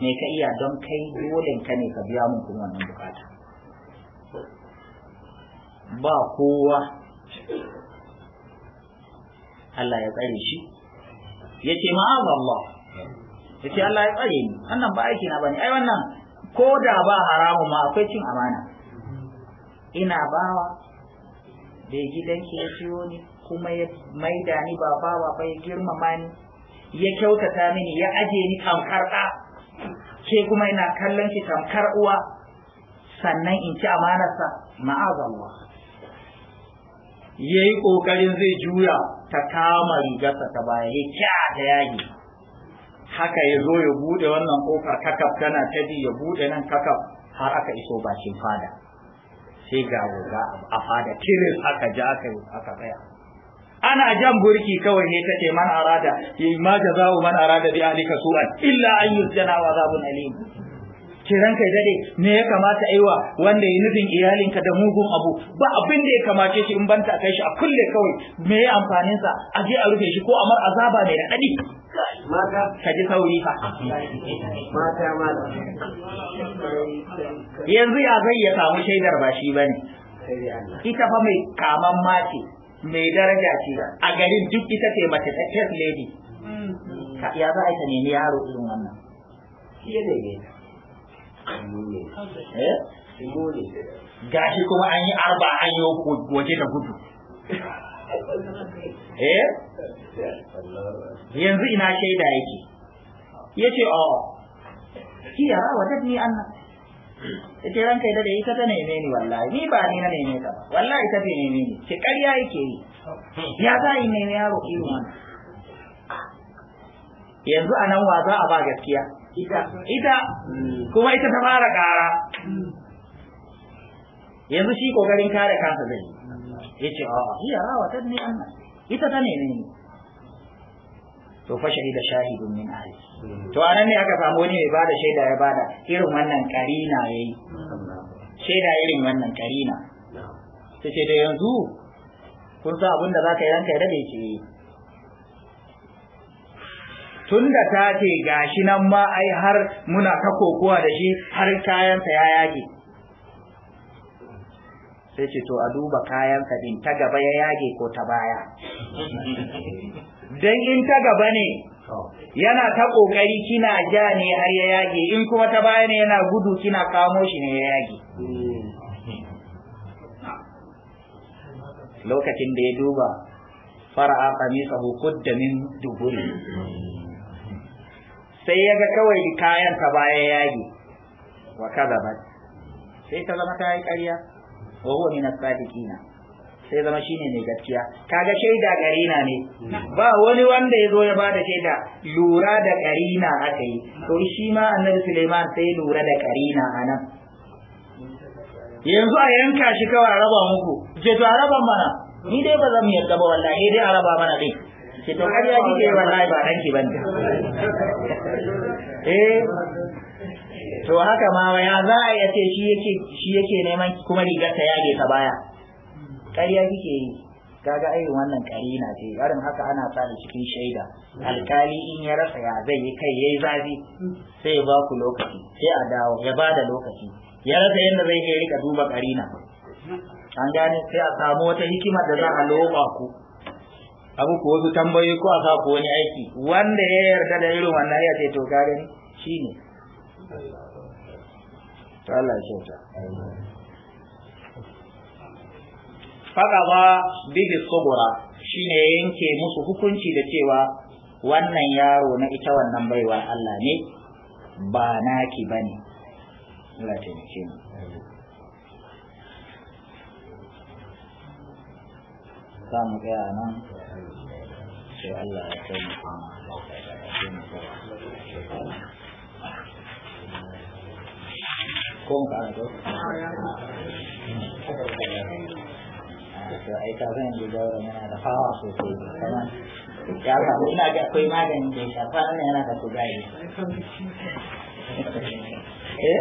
[SPEAKER 1] me ka iya don kai dole ka ne ka biya mun kuma wannan bukata ba kowa Allah ya tsare shi ya ce Allah ya ce Allah ya tsare ni wannan ba aiki na bane ai wannan ko da ba haramu ma akwai cin amana ina bawa da gidanki ya ciwo ni kuma ya maida ni ba bawa ba ya girmama ni ya kyautata mini ya aje ni tamkar ɗa ke kuma ina kallon shi tamkar uwa sannan in ci amanarsa ma'azallah ya yi ƙoƙarin zai juya ta kama rigarsa ta baya ya kya ta yage haka ya zo ya bude wannan kofar kakaf tana ta bi ya bude nan kakaf har aka iso bakin fada sai ga wuga a fada kirin aka ja aka yi aka tsaya ana jan burki kawai ne ta ce man arada ma jaza'u man arada bi alika su'an illa an yusjana wa alim ce ranka ya dade me ya kamata aiwa wanda ya nufin iyalinka da mugun abu ba abin da ya kamace shi in banta kai shi a kulle kawai me ya amfanin sa a je a rufe shi ko amar azaba ne da dadi mata ka ji sauri fa mata mata yanzu ya zai ya samu shaidar ba shi bane ita fa mai kaman mace mai daraja ce a garin duk ita ce mace ta lady hmm. ya za a ta nemi yaro irin wannan Eh? gashi kuma an yi arba an yi waje da gudu eh yanzu ina shaida yake yace oh kiya wajadni anna ce ranka idan dada ita ta neme ni wallahi ni ba ni na neme ta ba wallahi ta ta neme ni Ke ƙarya yake yi ya za yi neme yaro irin wannan yanzu a wa za a ba gaskiya ita kuma ita ta fara ƙara yanzu shi kokarin kare kansa zai ya ce a'a iya rawa ta ne Allah ita ta ne ne to fa shahida shahidun min ahli to anan ne aka samu wani mai bada shaida ya bada irin wannan karina yayi shaida irin wannan karina sai ce da yanzu kun san abin da za ka yi ranka ya dade ce tunda ta ce gashi nan ma ai har muna ta kokowa da shi har kayansa ya yage sai ce to a duba kayansa din ta gaba ya yage ko ta baya don in ta gaba ne yana ta kokari kina ja ne har ya yage in kuma ta baya ne yana gudu kina kamo shi ne ya yage lokacin da ya duba fara'a qamisahu qudda min duburi sai ya ga kawai kayan ta baya yage wa kaza ba sai ta zama ta yi ƙarya wa huwa min as-sadiqina sai zama shine mai gaskiya kaga shaida karina ne ba wani wanda ya zo ya bada shaida lura da karina aka yi to shi ma annabi Suleiman sai lura da karina anan yanzu a yanka shi kawai a raba muku je to a raba mana ni dai ba zan yarda ba wallahi dai a raba mana dai ke to kariya kike wallahi ba ban bane eh to haka ma ya za a iya ce shi yake shi yake neman kuma rigar ta yage ta baya ƙarya kike yi kaga irin wannan na ce garin haka ana tsara cikin shaida alkali in ya rasa ya zai yi kai yayi zafi sai ya ba ku lokaci sai a dawo ya ba da lokaci ya rasa yadda zai kai rika duba na an gane sai a samu wata hikima da za a loba ku abu ko wasu tambayoyi ko a sa ko wani aiki wanda ya yarda da irin wannan ya ce to ka ni shine
[SPEAKER 2] ne Allah ya kyauta
[SPEAKER 1] faɗaɓa shi ne yanke musu hukunci da cewa wannan yaro na ita wannan baiwar Allah ne ba naki ba ne. samu
[SPEAKER 2] tsaya nan sai Allah ya kai mu kama
[SPEAKER 1] kun ka ko to ai ka san da gawar yana da hawa sosai kamar ya samu ina ga akwai magani da shafa nan yana da kuzari eh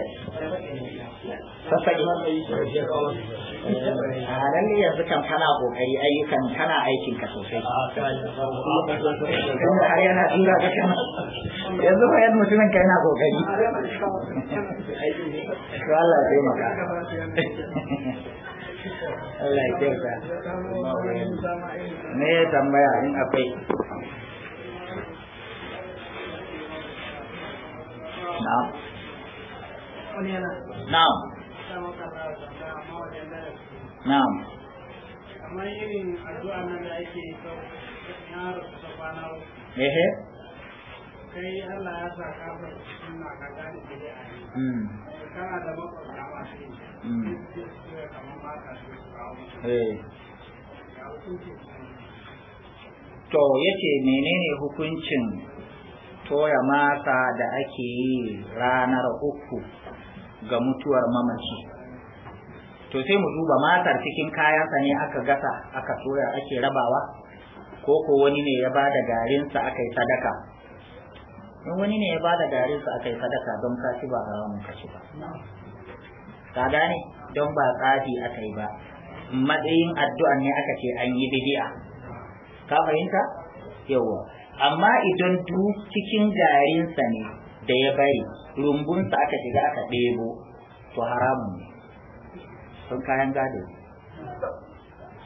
[SPEAKER 1] sassa ga mai Eh, a ne yanzu kan kana kokari ayyukan kana aikin ah, ka sosai tunda har yana yanzu ba yadda mutumin ka yana kokari
[SPEAKER 2] to Allah ya Allah ya kyauta ya tambaya in akwai na'am na'am kamar irin addu'a nan da ake yi ya rasu da kwana ehe kai Allah ya sa ka bar ka gane da ya yi mm. kana da makwabta shi mm. eh.
[SPEAKER 1] to yace menene hukuncin toya masa da ake yi ranar uku ga mutuwar mamaci to sai mu duba matar cikin kayansa ne aka gasa aka soya ake rabawa ko ko wani ne ya bada garinsa aka yi sadaka in wani ne ya bada garinsa aka yi sadaka don kashi ba wani kashi ba ka gane don ba tsafi aka yi ba matsayin addu'an ne aka ce an yi bidi'a ka fahimta yawa amma idan duk cikin garinsa ne da ya bari Lumbun sa aka shiga aka ɗebo to haramun ne sun kayan gado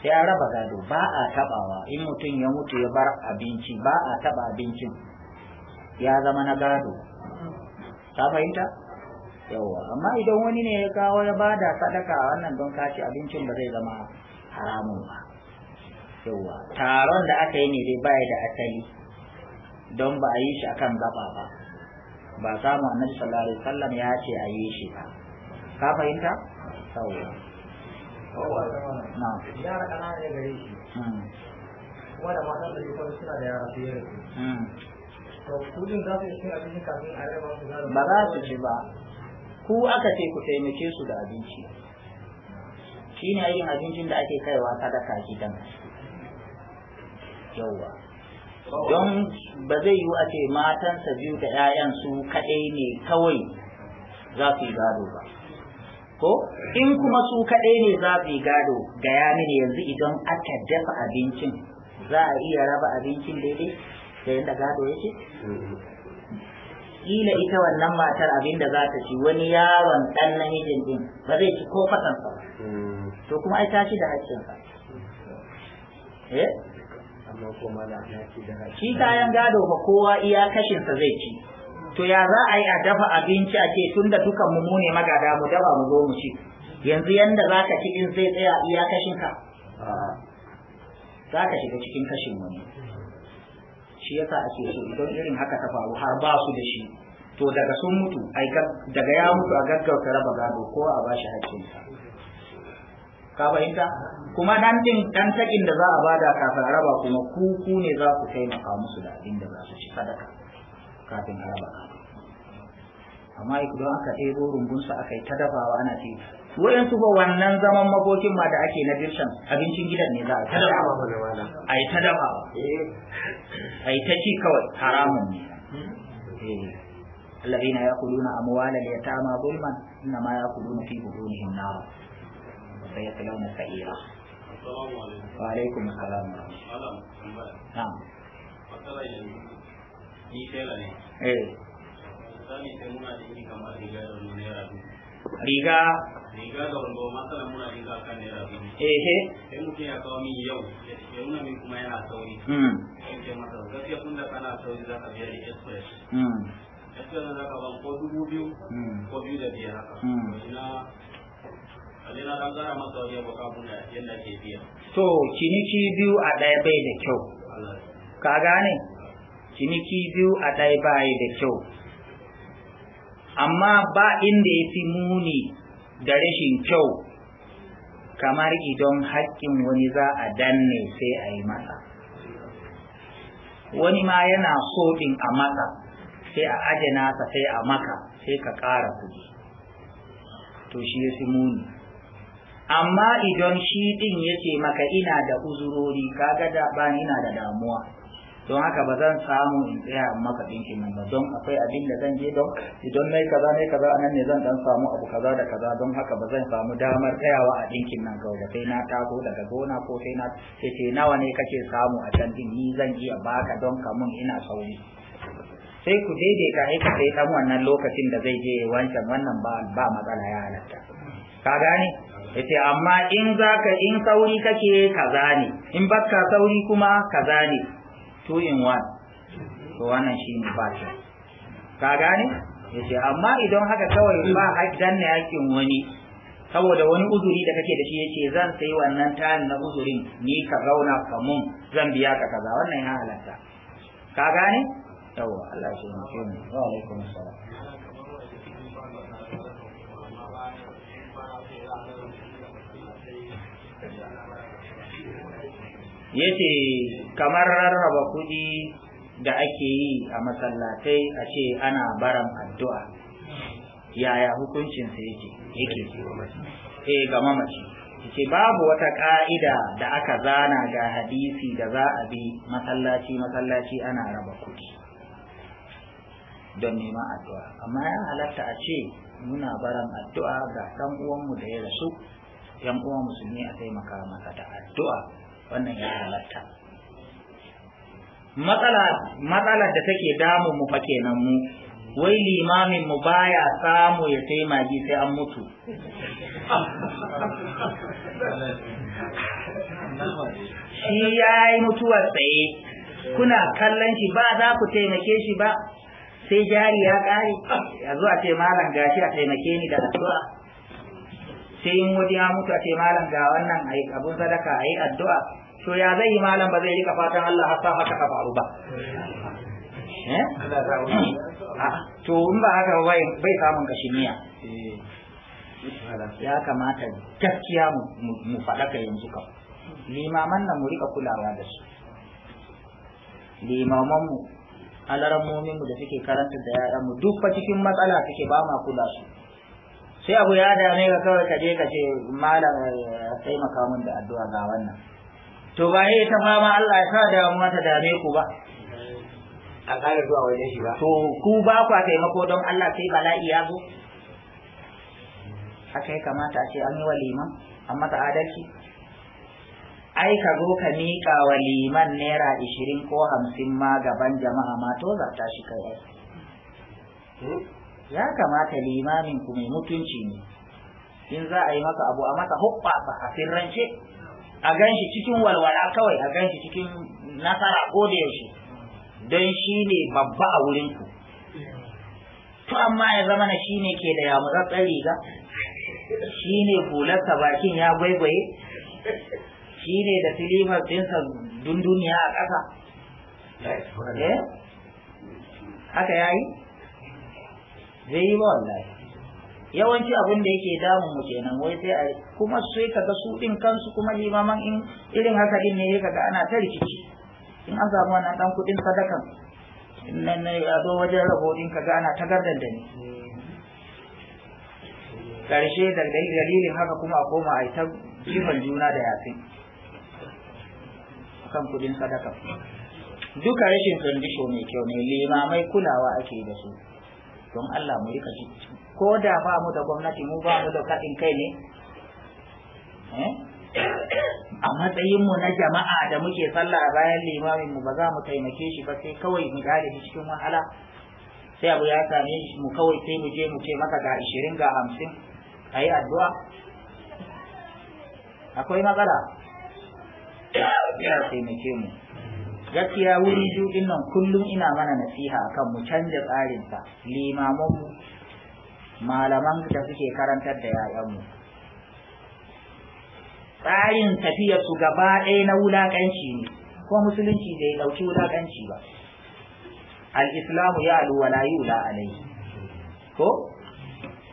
[SPEAKER 1] sai a raba gado ba a tabawa in mutum ya mutu ya bar abinci ba a taba abincin ya zama na gado ta fahimta yawa amma idan wani ne ya kawo ya ba da sadaka wannan don kashi abincin ba zai zama haramun ba yawa taron da aka yi ne dai baya da asali don ba a yi shi akan gaba ba ba samu annabi sallallahu alaihi wasallam ya ce a yi shi ba ka fahimta sauwa yara hmm. ya hmm. za a raba ba za su ci ba ku aka ce ku taimake su da abinci shi ne irin abincin da ake kaiwa sadaka gidan yauwa don ba zai yi a ce matansa biyu da 'ya'yan su kaɗai ne kawai za su yi gado ba ko in kuma su kaɗai ne za su yi gado ga mini yanzu idan aka dafa abincin za a iya raba abincin daidai da yadda gado yake kila ita wannan matar abin da za ta ci wani yaron ɗan namijin din ba zai ci ko fatansa ba hmm. to kuma ai ta ci da haƙƙinsa eh
[SPEAKER 2] amma ko da ya ci da shi
[SPEAKER 1] kayan gado ba kowa iya kashin sa zai ci to ya za a yi a dafa abinci a ce tunda dukan mu mu ne magada mu dafa mu zo mu ci yanzu yanda zaka ci in zai tsaya iya kashin ka zaka shiga cikin kashin wani shi yasa ake so idan irin haka ta faru har ba su da shi to daga sun mutu daga ya mutu a gaggauta raba gado ko a bashi haƙƙinsa ka fahimta kuma nan din dan sakin da za a bada kafin raba kuma ku ku ne za ku taimaka musu da abin da za su ci sadaka kafin raba amma idan aka ɗebo rumbunsa aka yi ta dafawa ana ce wayan su wannan zaman makokin ma da ake na dirshan abincin gidan ne za a ta dafawa a yi ta dafawa eh. a yi ta ci kawai haramun ne الذين يأكلون أموال اليتامى ظلما إنما يأكلون fi بطونهم nar فيصلون سعيرا
[SPEAKER 2] السلام عليكم
[SPEAKER 1] وعليكم السلام نعم riga
[SPEAKER 2] riga ga wanda masala muna riga kan naira biyu ehe sai mutum ya kawo min yau ya nuna min kuma yana sauri sai ce masa gaskiya kun da kana sauri za ka biya da express express za ka ban ko dubu biyu ko biyu da biyar haka ina
[SPEAKER 1] to ciniki biyu a ɗaya bai da kyau ka gane ciniki biyu a ɗaya bai da kyau amma ba inda ya fi muni da rashin kyau kamar idan haƙƙin wani za a danne sai a yi masa wani ma yana so ɗin a masa sai a ajiye nasa sai a maka sai ka ƙara kuɗi to shi ya fi muni amma idan shi din yake maka ina da uzurori kaga da ba ina da damuwa don haka ba zan samu in tsaya maka dinkin nan ba don akwai abin da zan je don idan kaza nayi kaza anan ne zan dan samu abu kaza da kaza don haka ba zan samu damar tsayawa a dinkin nan kawai da sai na tako daga gona ko sai na sai nawa ne kake samu a can din ni zan iya baka don mun ina sauri sai ku daidaita aika sai dan wannan lokacin da zai je wancan wannan ba ba matsala ya halatta ka gane yace amma in zaka in sauri kake kaza ne in baka sauri kuma kaza ne two in one to wannan shi ne ba shi ka gane yace amma idan haka kawai ba haddan ne yakin wani saboda wani uzuri da kake da shi yace zan sai wannan tayin na uzurin ni ka zauna kamun zan biya ka kaza wannan ya halatta ka gane yawa Allah ya taimake mu wa yace kamar rarraba kuɗi da ake yi a masallatai a ce ana baran addu'a yaya hukuncinsa yake yake eh ga mamaci ce babu wata ka'ida da aka zana ga hadisi da za a bi masallaci masallaci ana raba kuɗi don neman addu'a amma ya halatta a ce muna baran addu'a ga ɗan uwanmu da ya rasu yan uwa musulmi a taimaka masa da addu'a wannan ya halatta matsala matsalar da take damu mu fake nan mu wai limamin mu baya samu ya taimaki sai an mutu shi ya yi mutuwar tsaye kuna kallon shi ba za ku taimake shi ba sai jari ya kare, ya zo a ce malam gashi a taimake ni da addu'a sai in wani ya mutu a ce malam ga wannan a yi abun sadaka a yi addu'a to ya zai yi malam ba zai rika fatan Allah har sa haka ka faru ba eh? to in ba haka ba bai samun miya. Eh. ya kamata gaskiya mu faɗaka yanzu kam limaman nan mu rika kulawa da su limaman mu alarammomin mu da suke karanta da yaran mu duk fa cikin matsala suke ba ma kula su sai abu ya dame ka kawai kaje kaje ka ce malam sai makamun da addu'a ga wannan to ba ya ta fama Allah ya sa mu ta dame ku ba a ƙara zuwa wajen shi ba to ku ba kwa taimako don Allah sai bala'i ya zo haka kamata a ce an yi wa liman an masa adalci ai ka zo ka miƙa wa liman naira ishirin ko hamsin ma gaban jama'a ma to ta shi kai ai hmm? ya kamata limamin ku mai mutunci ne in za a yi maka abu a masa hoɓɓasa a firrance a ganshi cikin walwala kawai a ganshi cikin nasara ko da yaushe don shi ne babba a wurin ku to amma ya zama na shi ne ke da yamutsatsen riga shi ne hularsa bakin ya gwaigwaye shi ne da silifar dinsa dunduniya a ƙasa eh? haka ya yi zai yi ba wallahi yawanci abin da yake damun mu kenan wai sai a kuma sai ga su din kansu kuma limaman in irin haka din ne kaga ana ta rikici in an samu wannan dan kudin sadakan nan ne a zo wajen rabo din ga ana ta gardan da ni karshe da dalilin haka kuma a koma a ta jifan juna da yafin kan kudin sadaka duka rashin kondisho mai kyau ne limamai kulawa ake da su don Allah mu rika ji ko da ba mu da gwamnati mu ba mu da kaɗin kai ne eh? a matsayinmu na jama'a da muke sallah a bayan limamin mu ba za mu taimake shi ba sai kawai mu gane shi cikin wahala sai abu ya same shi mu kawai sai mu je mu ce maka ga 20 ga 50 ayi addu'a akwai matsala ya taimake mu gaskiya wuri biyu din nan kullum ina mana nasiha akan mu canja tsarinsa limaman malaman da suke karantar da yayanmu tsarin tafiya su gaba ɗaya na wulaƙanci ne ko musulunci bai ɗauki wulaƙanci ba al-islamu ya alwala yula alai ko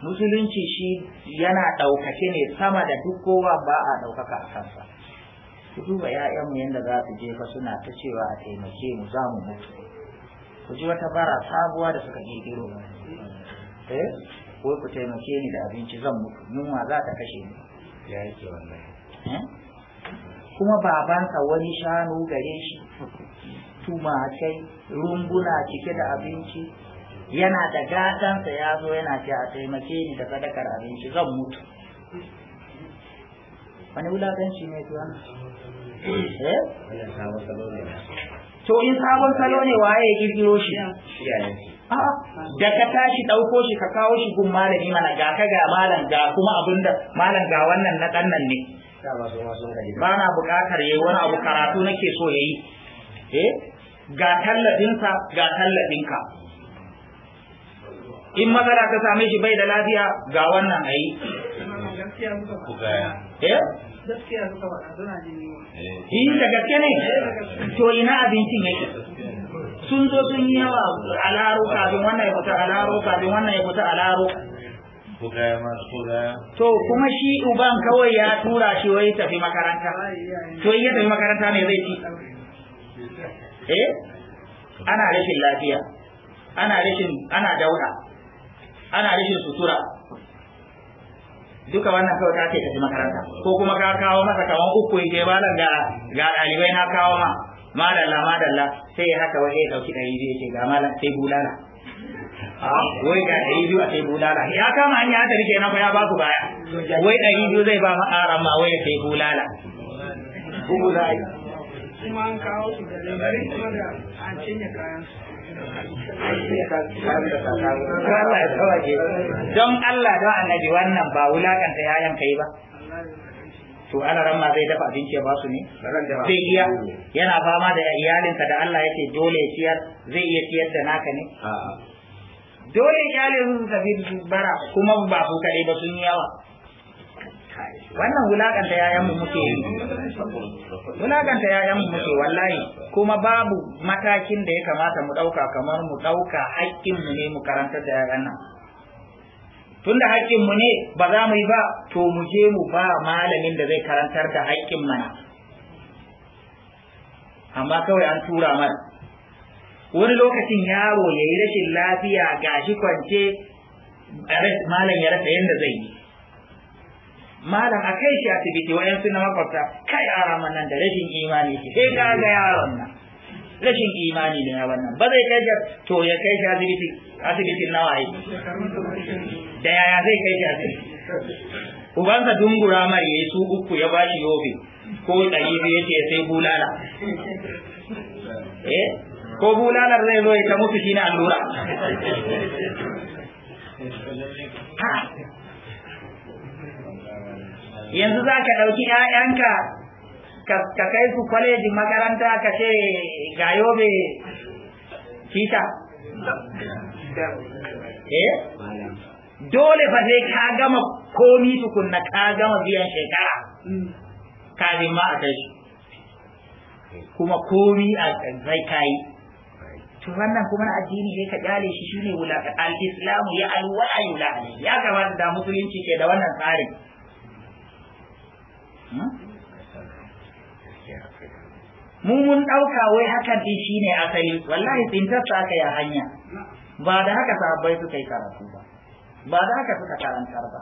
[SPEAKER 1] musulunci shi yana ɗaukake ne sama da duk kowa ba a ɗaukaka a kansa ku duba ‘ya'yanmu yadda za su jefa suna ta cewa a taimake mu za mu mutu ku ji wata bara sabuwa da suka ƙirƙiro eh ko ku taimake ni da abinci zan mutu yunwa za ta kashe ni ya yake wannan eh? kuma babansa wani shanu gare shi tumakai rumbuna cike da abinci yana da gatansa ya zo yana ce a taimake ni da sadakar abinci zan mutu wani wulaganci mai tuwa to in sabon salo ne waye ya kirkiro shi da ka tashi ɗauko shi ka kawo shi gun malami mana ga ka ga malam ga kuma abin da malam ga wannan na ɗan nan ne ba na buƙatar yayi wani abu karatu nake so ya yi. Eh? ga tallafinsa ga tallafinka in matsala ta same shi bai da lafiya ga wannan ayi gaskiya suka eh? faɗa suna jin yunwa eh. da gaske ne eh, to ina abincin yake sun zo sun yi yawa alaro kafin wannan ya fita alaro kafin wannan ya fita alaro to kuma shi uban kawai ya tura shi wai tafi makaranta to yi ya tafi makaranta ne zai ci eh ana rashin lafiya ana rashin ana dauda ana rashin sutura duka wannan kawai ka ce ka ji makaranta ko kuma ka kawo masa kaman uku yake malam ga ga ɗalibai na kawo ma madalla madalla sai ya haka waje ya ɗauki ɗari biyu ce ga malam sai bulala ah, wai ga ɗari biyu a sai bulala ya kama hanya ta rike na ya ba ku baya wai ɗari biyu zai ba ma'aran ma wai sai bulala kuma
[SPEAKER 2] an kawo su da an cinye kayan
[SPEAKER 1] don Allah don annabi wannan ba wulakanta yayan kai ba to ana ran ma zai dafa abinci ya basu ne zai iya yana fama da iyalinsa da Allah yake dole ya ciyar zai iya ciyar da naka ne dole iyalin su tafi bara kuma ba su kaɗai ba sun yawa wannan wulakanta yayanmu muke yi
[SPEAKER 2] wulakanta yayanmu muke wallahi
[SPEAKER 1] kuma babu matakin da ya kamata mu ɗauka kamar mu ɗauka haƙƙinmu ne mu karanta da yayan nan tunda mu ne ba za mu yi ba to mu je mu ba malamin da zai karantar da haƙƙin mana amma kawai an tura mana wani lokacin yaro ya yi rashin lafiya gashi kwance malam ya rasa yadda zai yi malam a kai shi asibiti wa'yansu na makwabta kai araman nan da rashin imani shi sai ka ga yaron nan rashin imani ne wannan ba zai kai to ya kai shi asibiti asibitin nawa yi da yaya zai kai shi asibiti ubansa dungura mai yayi su uku ya bashi yobe ko ɗari biyu yace sai bulala
[SPEAKER 2] eh ko
[SPEAKER 1] bulalar zai zo ya ta mutu shi na allura
[SPEAKER 2] ha yanzu za
[SPEAKER 1] ka ɗauki 'ya'yanka ka kai su kwaleji makaranta ka ce ga yobe kita eh dole fa sai ka gama komi tukunna ka gama biyan shekara ka zima a kai shi kuma komi a zai kayi to wannan kuma na addini sai ka kyale shi shine wulaka al-islamu ya al-wa'yu ya kamata da musulunci ke da wannan tsarin Hmm? mu mun ɗauka wai haka ɗin shi ne asali wallahi tsintarsa aka yi hanya ba da haka sahabbai suka yi karatu ba ba da haka suka karantar ba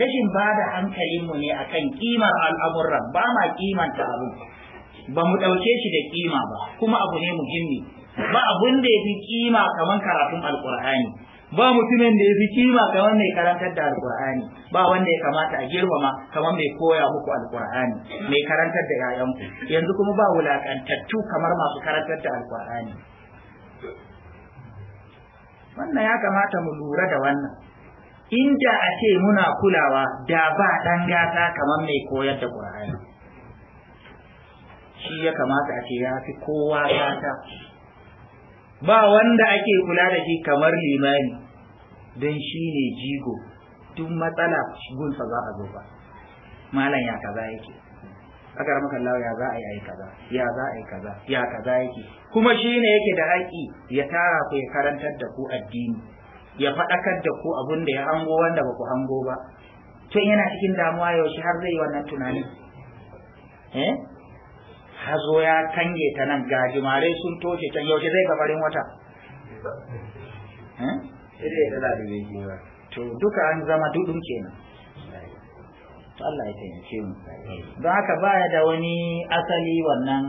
[SPEAKER 1] rashin ba da hankalinmu ne akan ƙimar al'amuran ba ma ta abu ba mu ɗauke shi da ƙima ba kuma abu ne muhimmi ba abun da ya fi kamar karatun alkur'ani ba mutumin da ya fi kima kamar mai karantar da alkur'ani ba wanda ya kamata a girmama kamar mai koya muku alkur'ani mai karantar da yayanku yanzu kuma ba wulakantattu kamar masu karantar da alkur'ani wannan ya kamata mu lura da wannan In da a ce muna kulawa da ba dan gata kamar mai koyar da qur'ani shi ya kamata a ce ya fi kowa gata ba wanda ake kula da shi kamar limani don shi ne jigo duk matsala gunsa za a zo ba malam ya kaza yake aka ramaka kallawa ya za a yi kaza ya za a yi kaza ya kaza yake kuma shi ne yake da haƙi ya tara ku ya karantar da ku addini ya faɗakar da ku abin da ya hango wanda ba ku hango ba tun yana cikin damuwa yaushe har zai yi wannan tunanin eh hazo ya tange ta nan gajimare sun toshe can yaushe zai gabarin wata eh? to duka an zama dudun kenan to Allah ya taimake mu don haka baya da wani asali wannan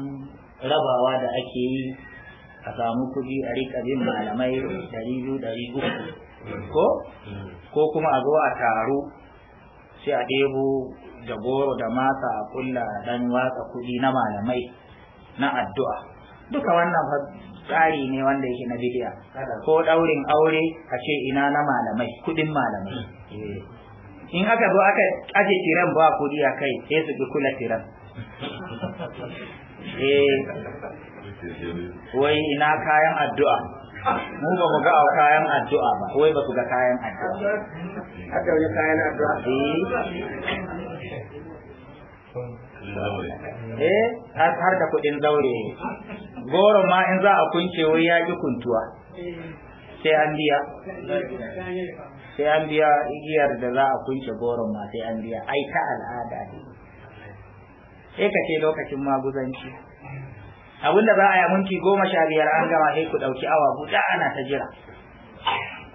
[SPEAKER 1] rabawa da ake yi a samu kuɗi a rika bin malamai ɗari biyu ɗari uku ko ko kuma a zo a taru sai a debo. da goro da Mata a kulla dan watsa kuɗi na malamai na addu'a duka wannan tsari ne wanda yake na bidiya ko ɗaurin aure a ce ina na malamai kuɗin malamai eh. in aka zo aka aje tiran ba kuɗi a kai sai su bi kula tiran
[SPEAKER 2] [laughs] eh
[SPEAKER 1] wai ina kayan addu'a mu ba mu ga kayan addu'a ba wai ba su ga kayan addu'a haka wani kayan addu'a eh.
[SPEAKER 2] eh
[SPEAKER 1] har da kudin zaure goro ma in za a kunce wai ya ki kuntuwa sai an biya sai an biya igiyar da za a kunce goron ma sai an biya ai ta al'ada ne sai ka ce lokacin maguzanci abinda za a yi minti goma sha biyar an gama sai ku ɗauki awa guda ana ta jira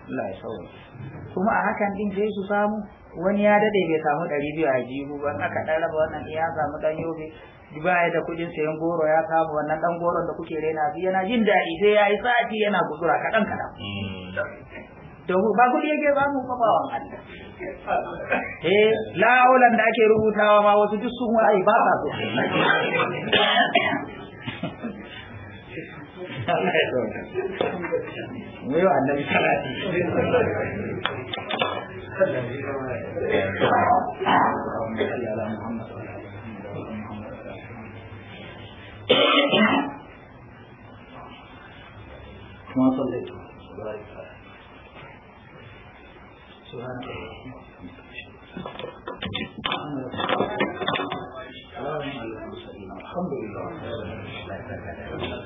[SPEAKER 1] Allah ya sauwa kuma a hakan din sai su samu wani ya dade bai samu ɗari biyu a jihu ba aka ɗan raba wannan ya samu ɗan yobe ya da kuɗin sayan goro ya samu wannan ɗan goron da kuke raina fi yana jin daɗi sai ya yi sati yana gudura kaɗan kaɗan. Mm. to ba kuɗi yake ba mu kwabawan Allah. Eh la'aulan da ake rubutawa ma wasu duk sun wa'ai ba sa so. [laughs]
[SPEAKER 2] mu yi annabi salati
[SPEAKER 1] كما صليت وبارك سبحانك
[SPEAKER 2] اللهم الحمد لله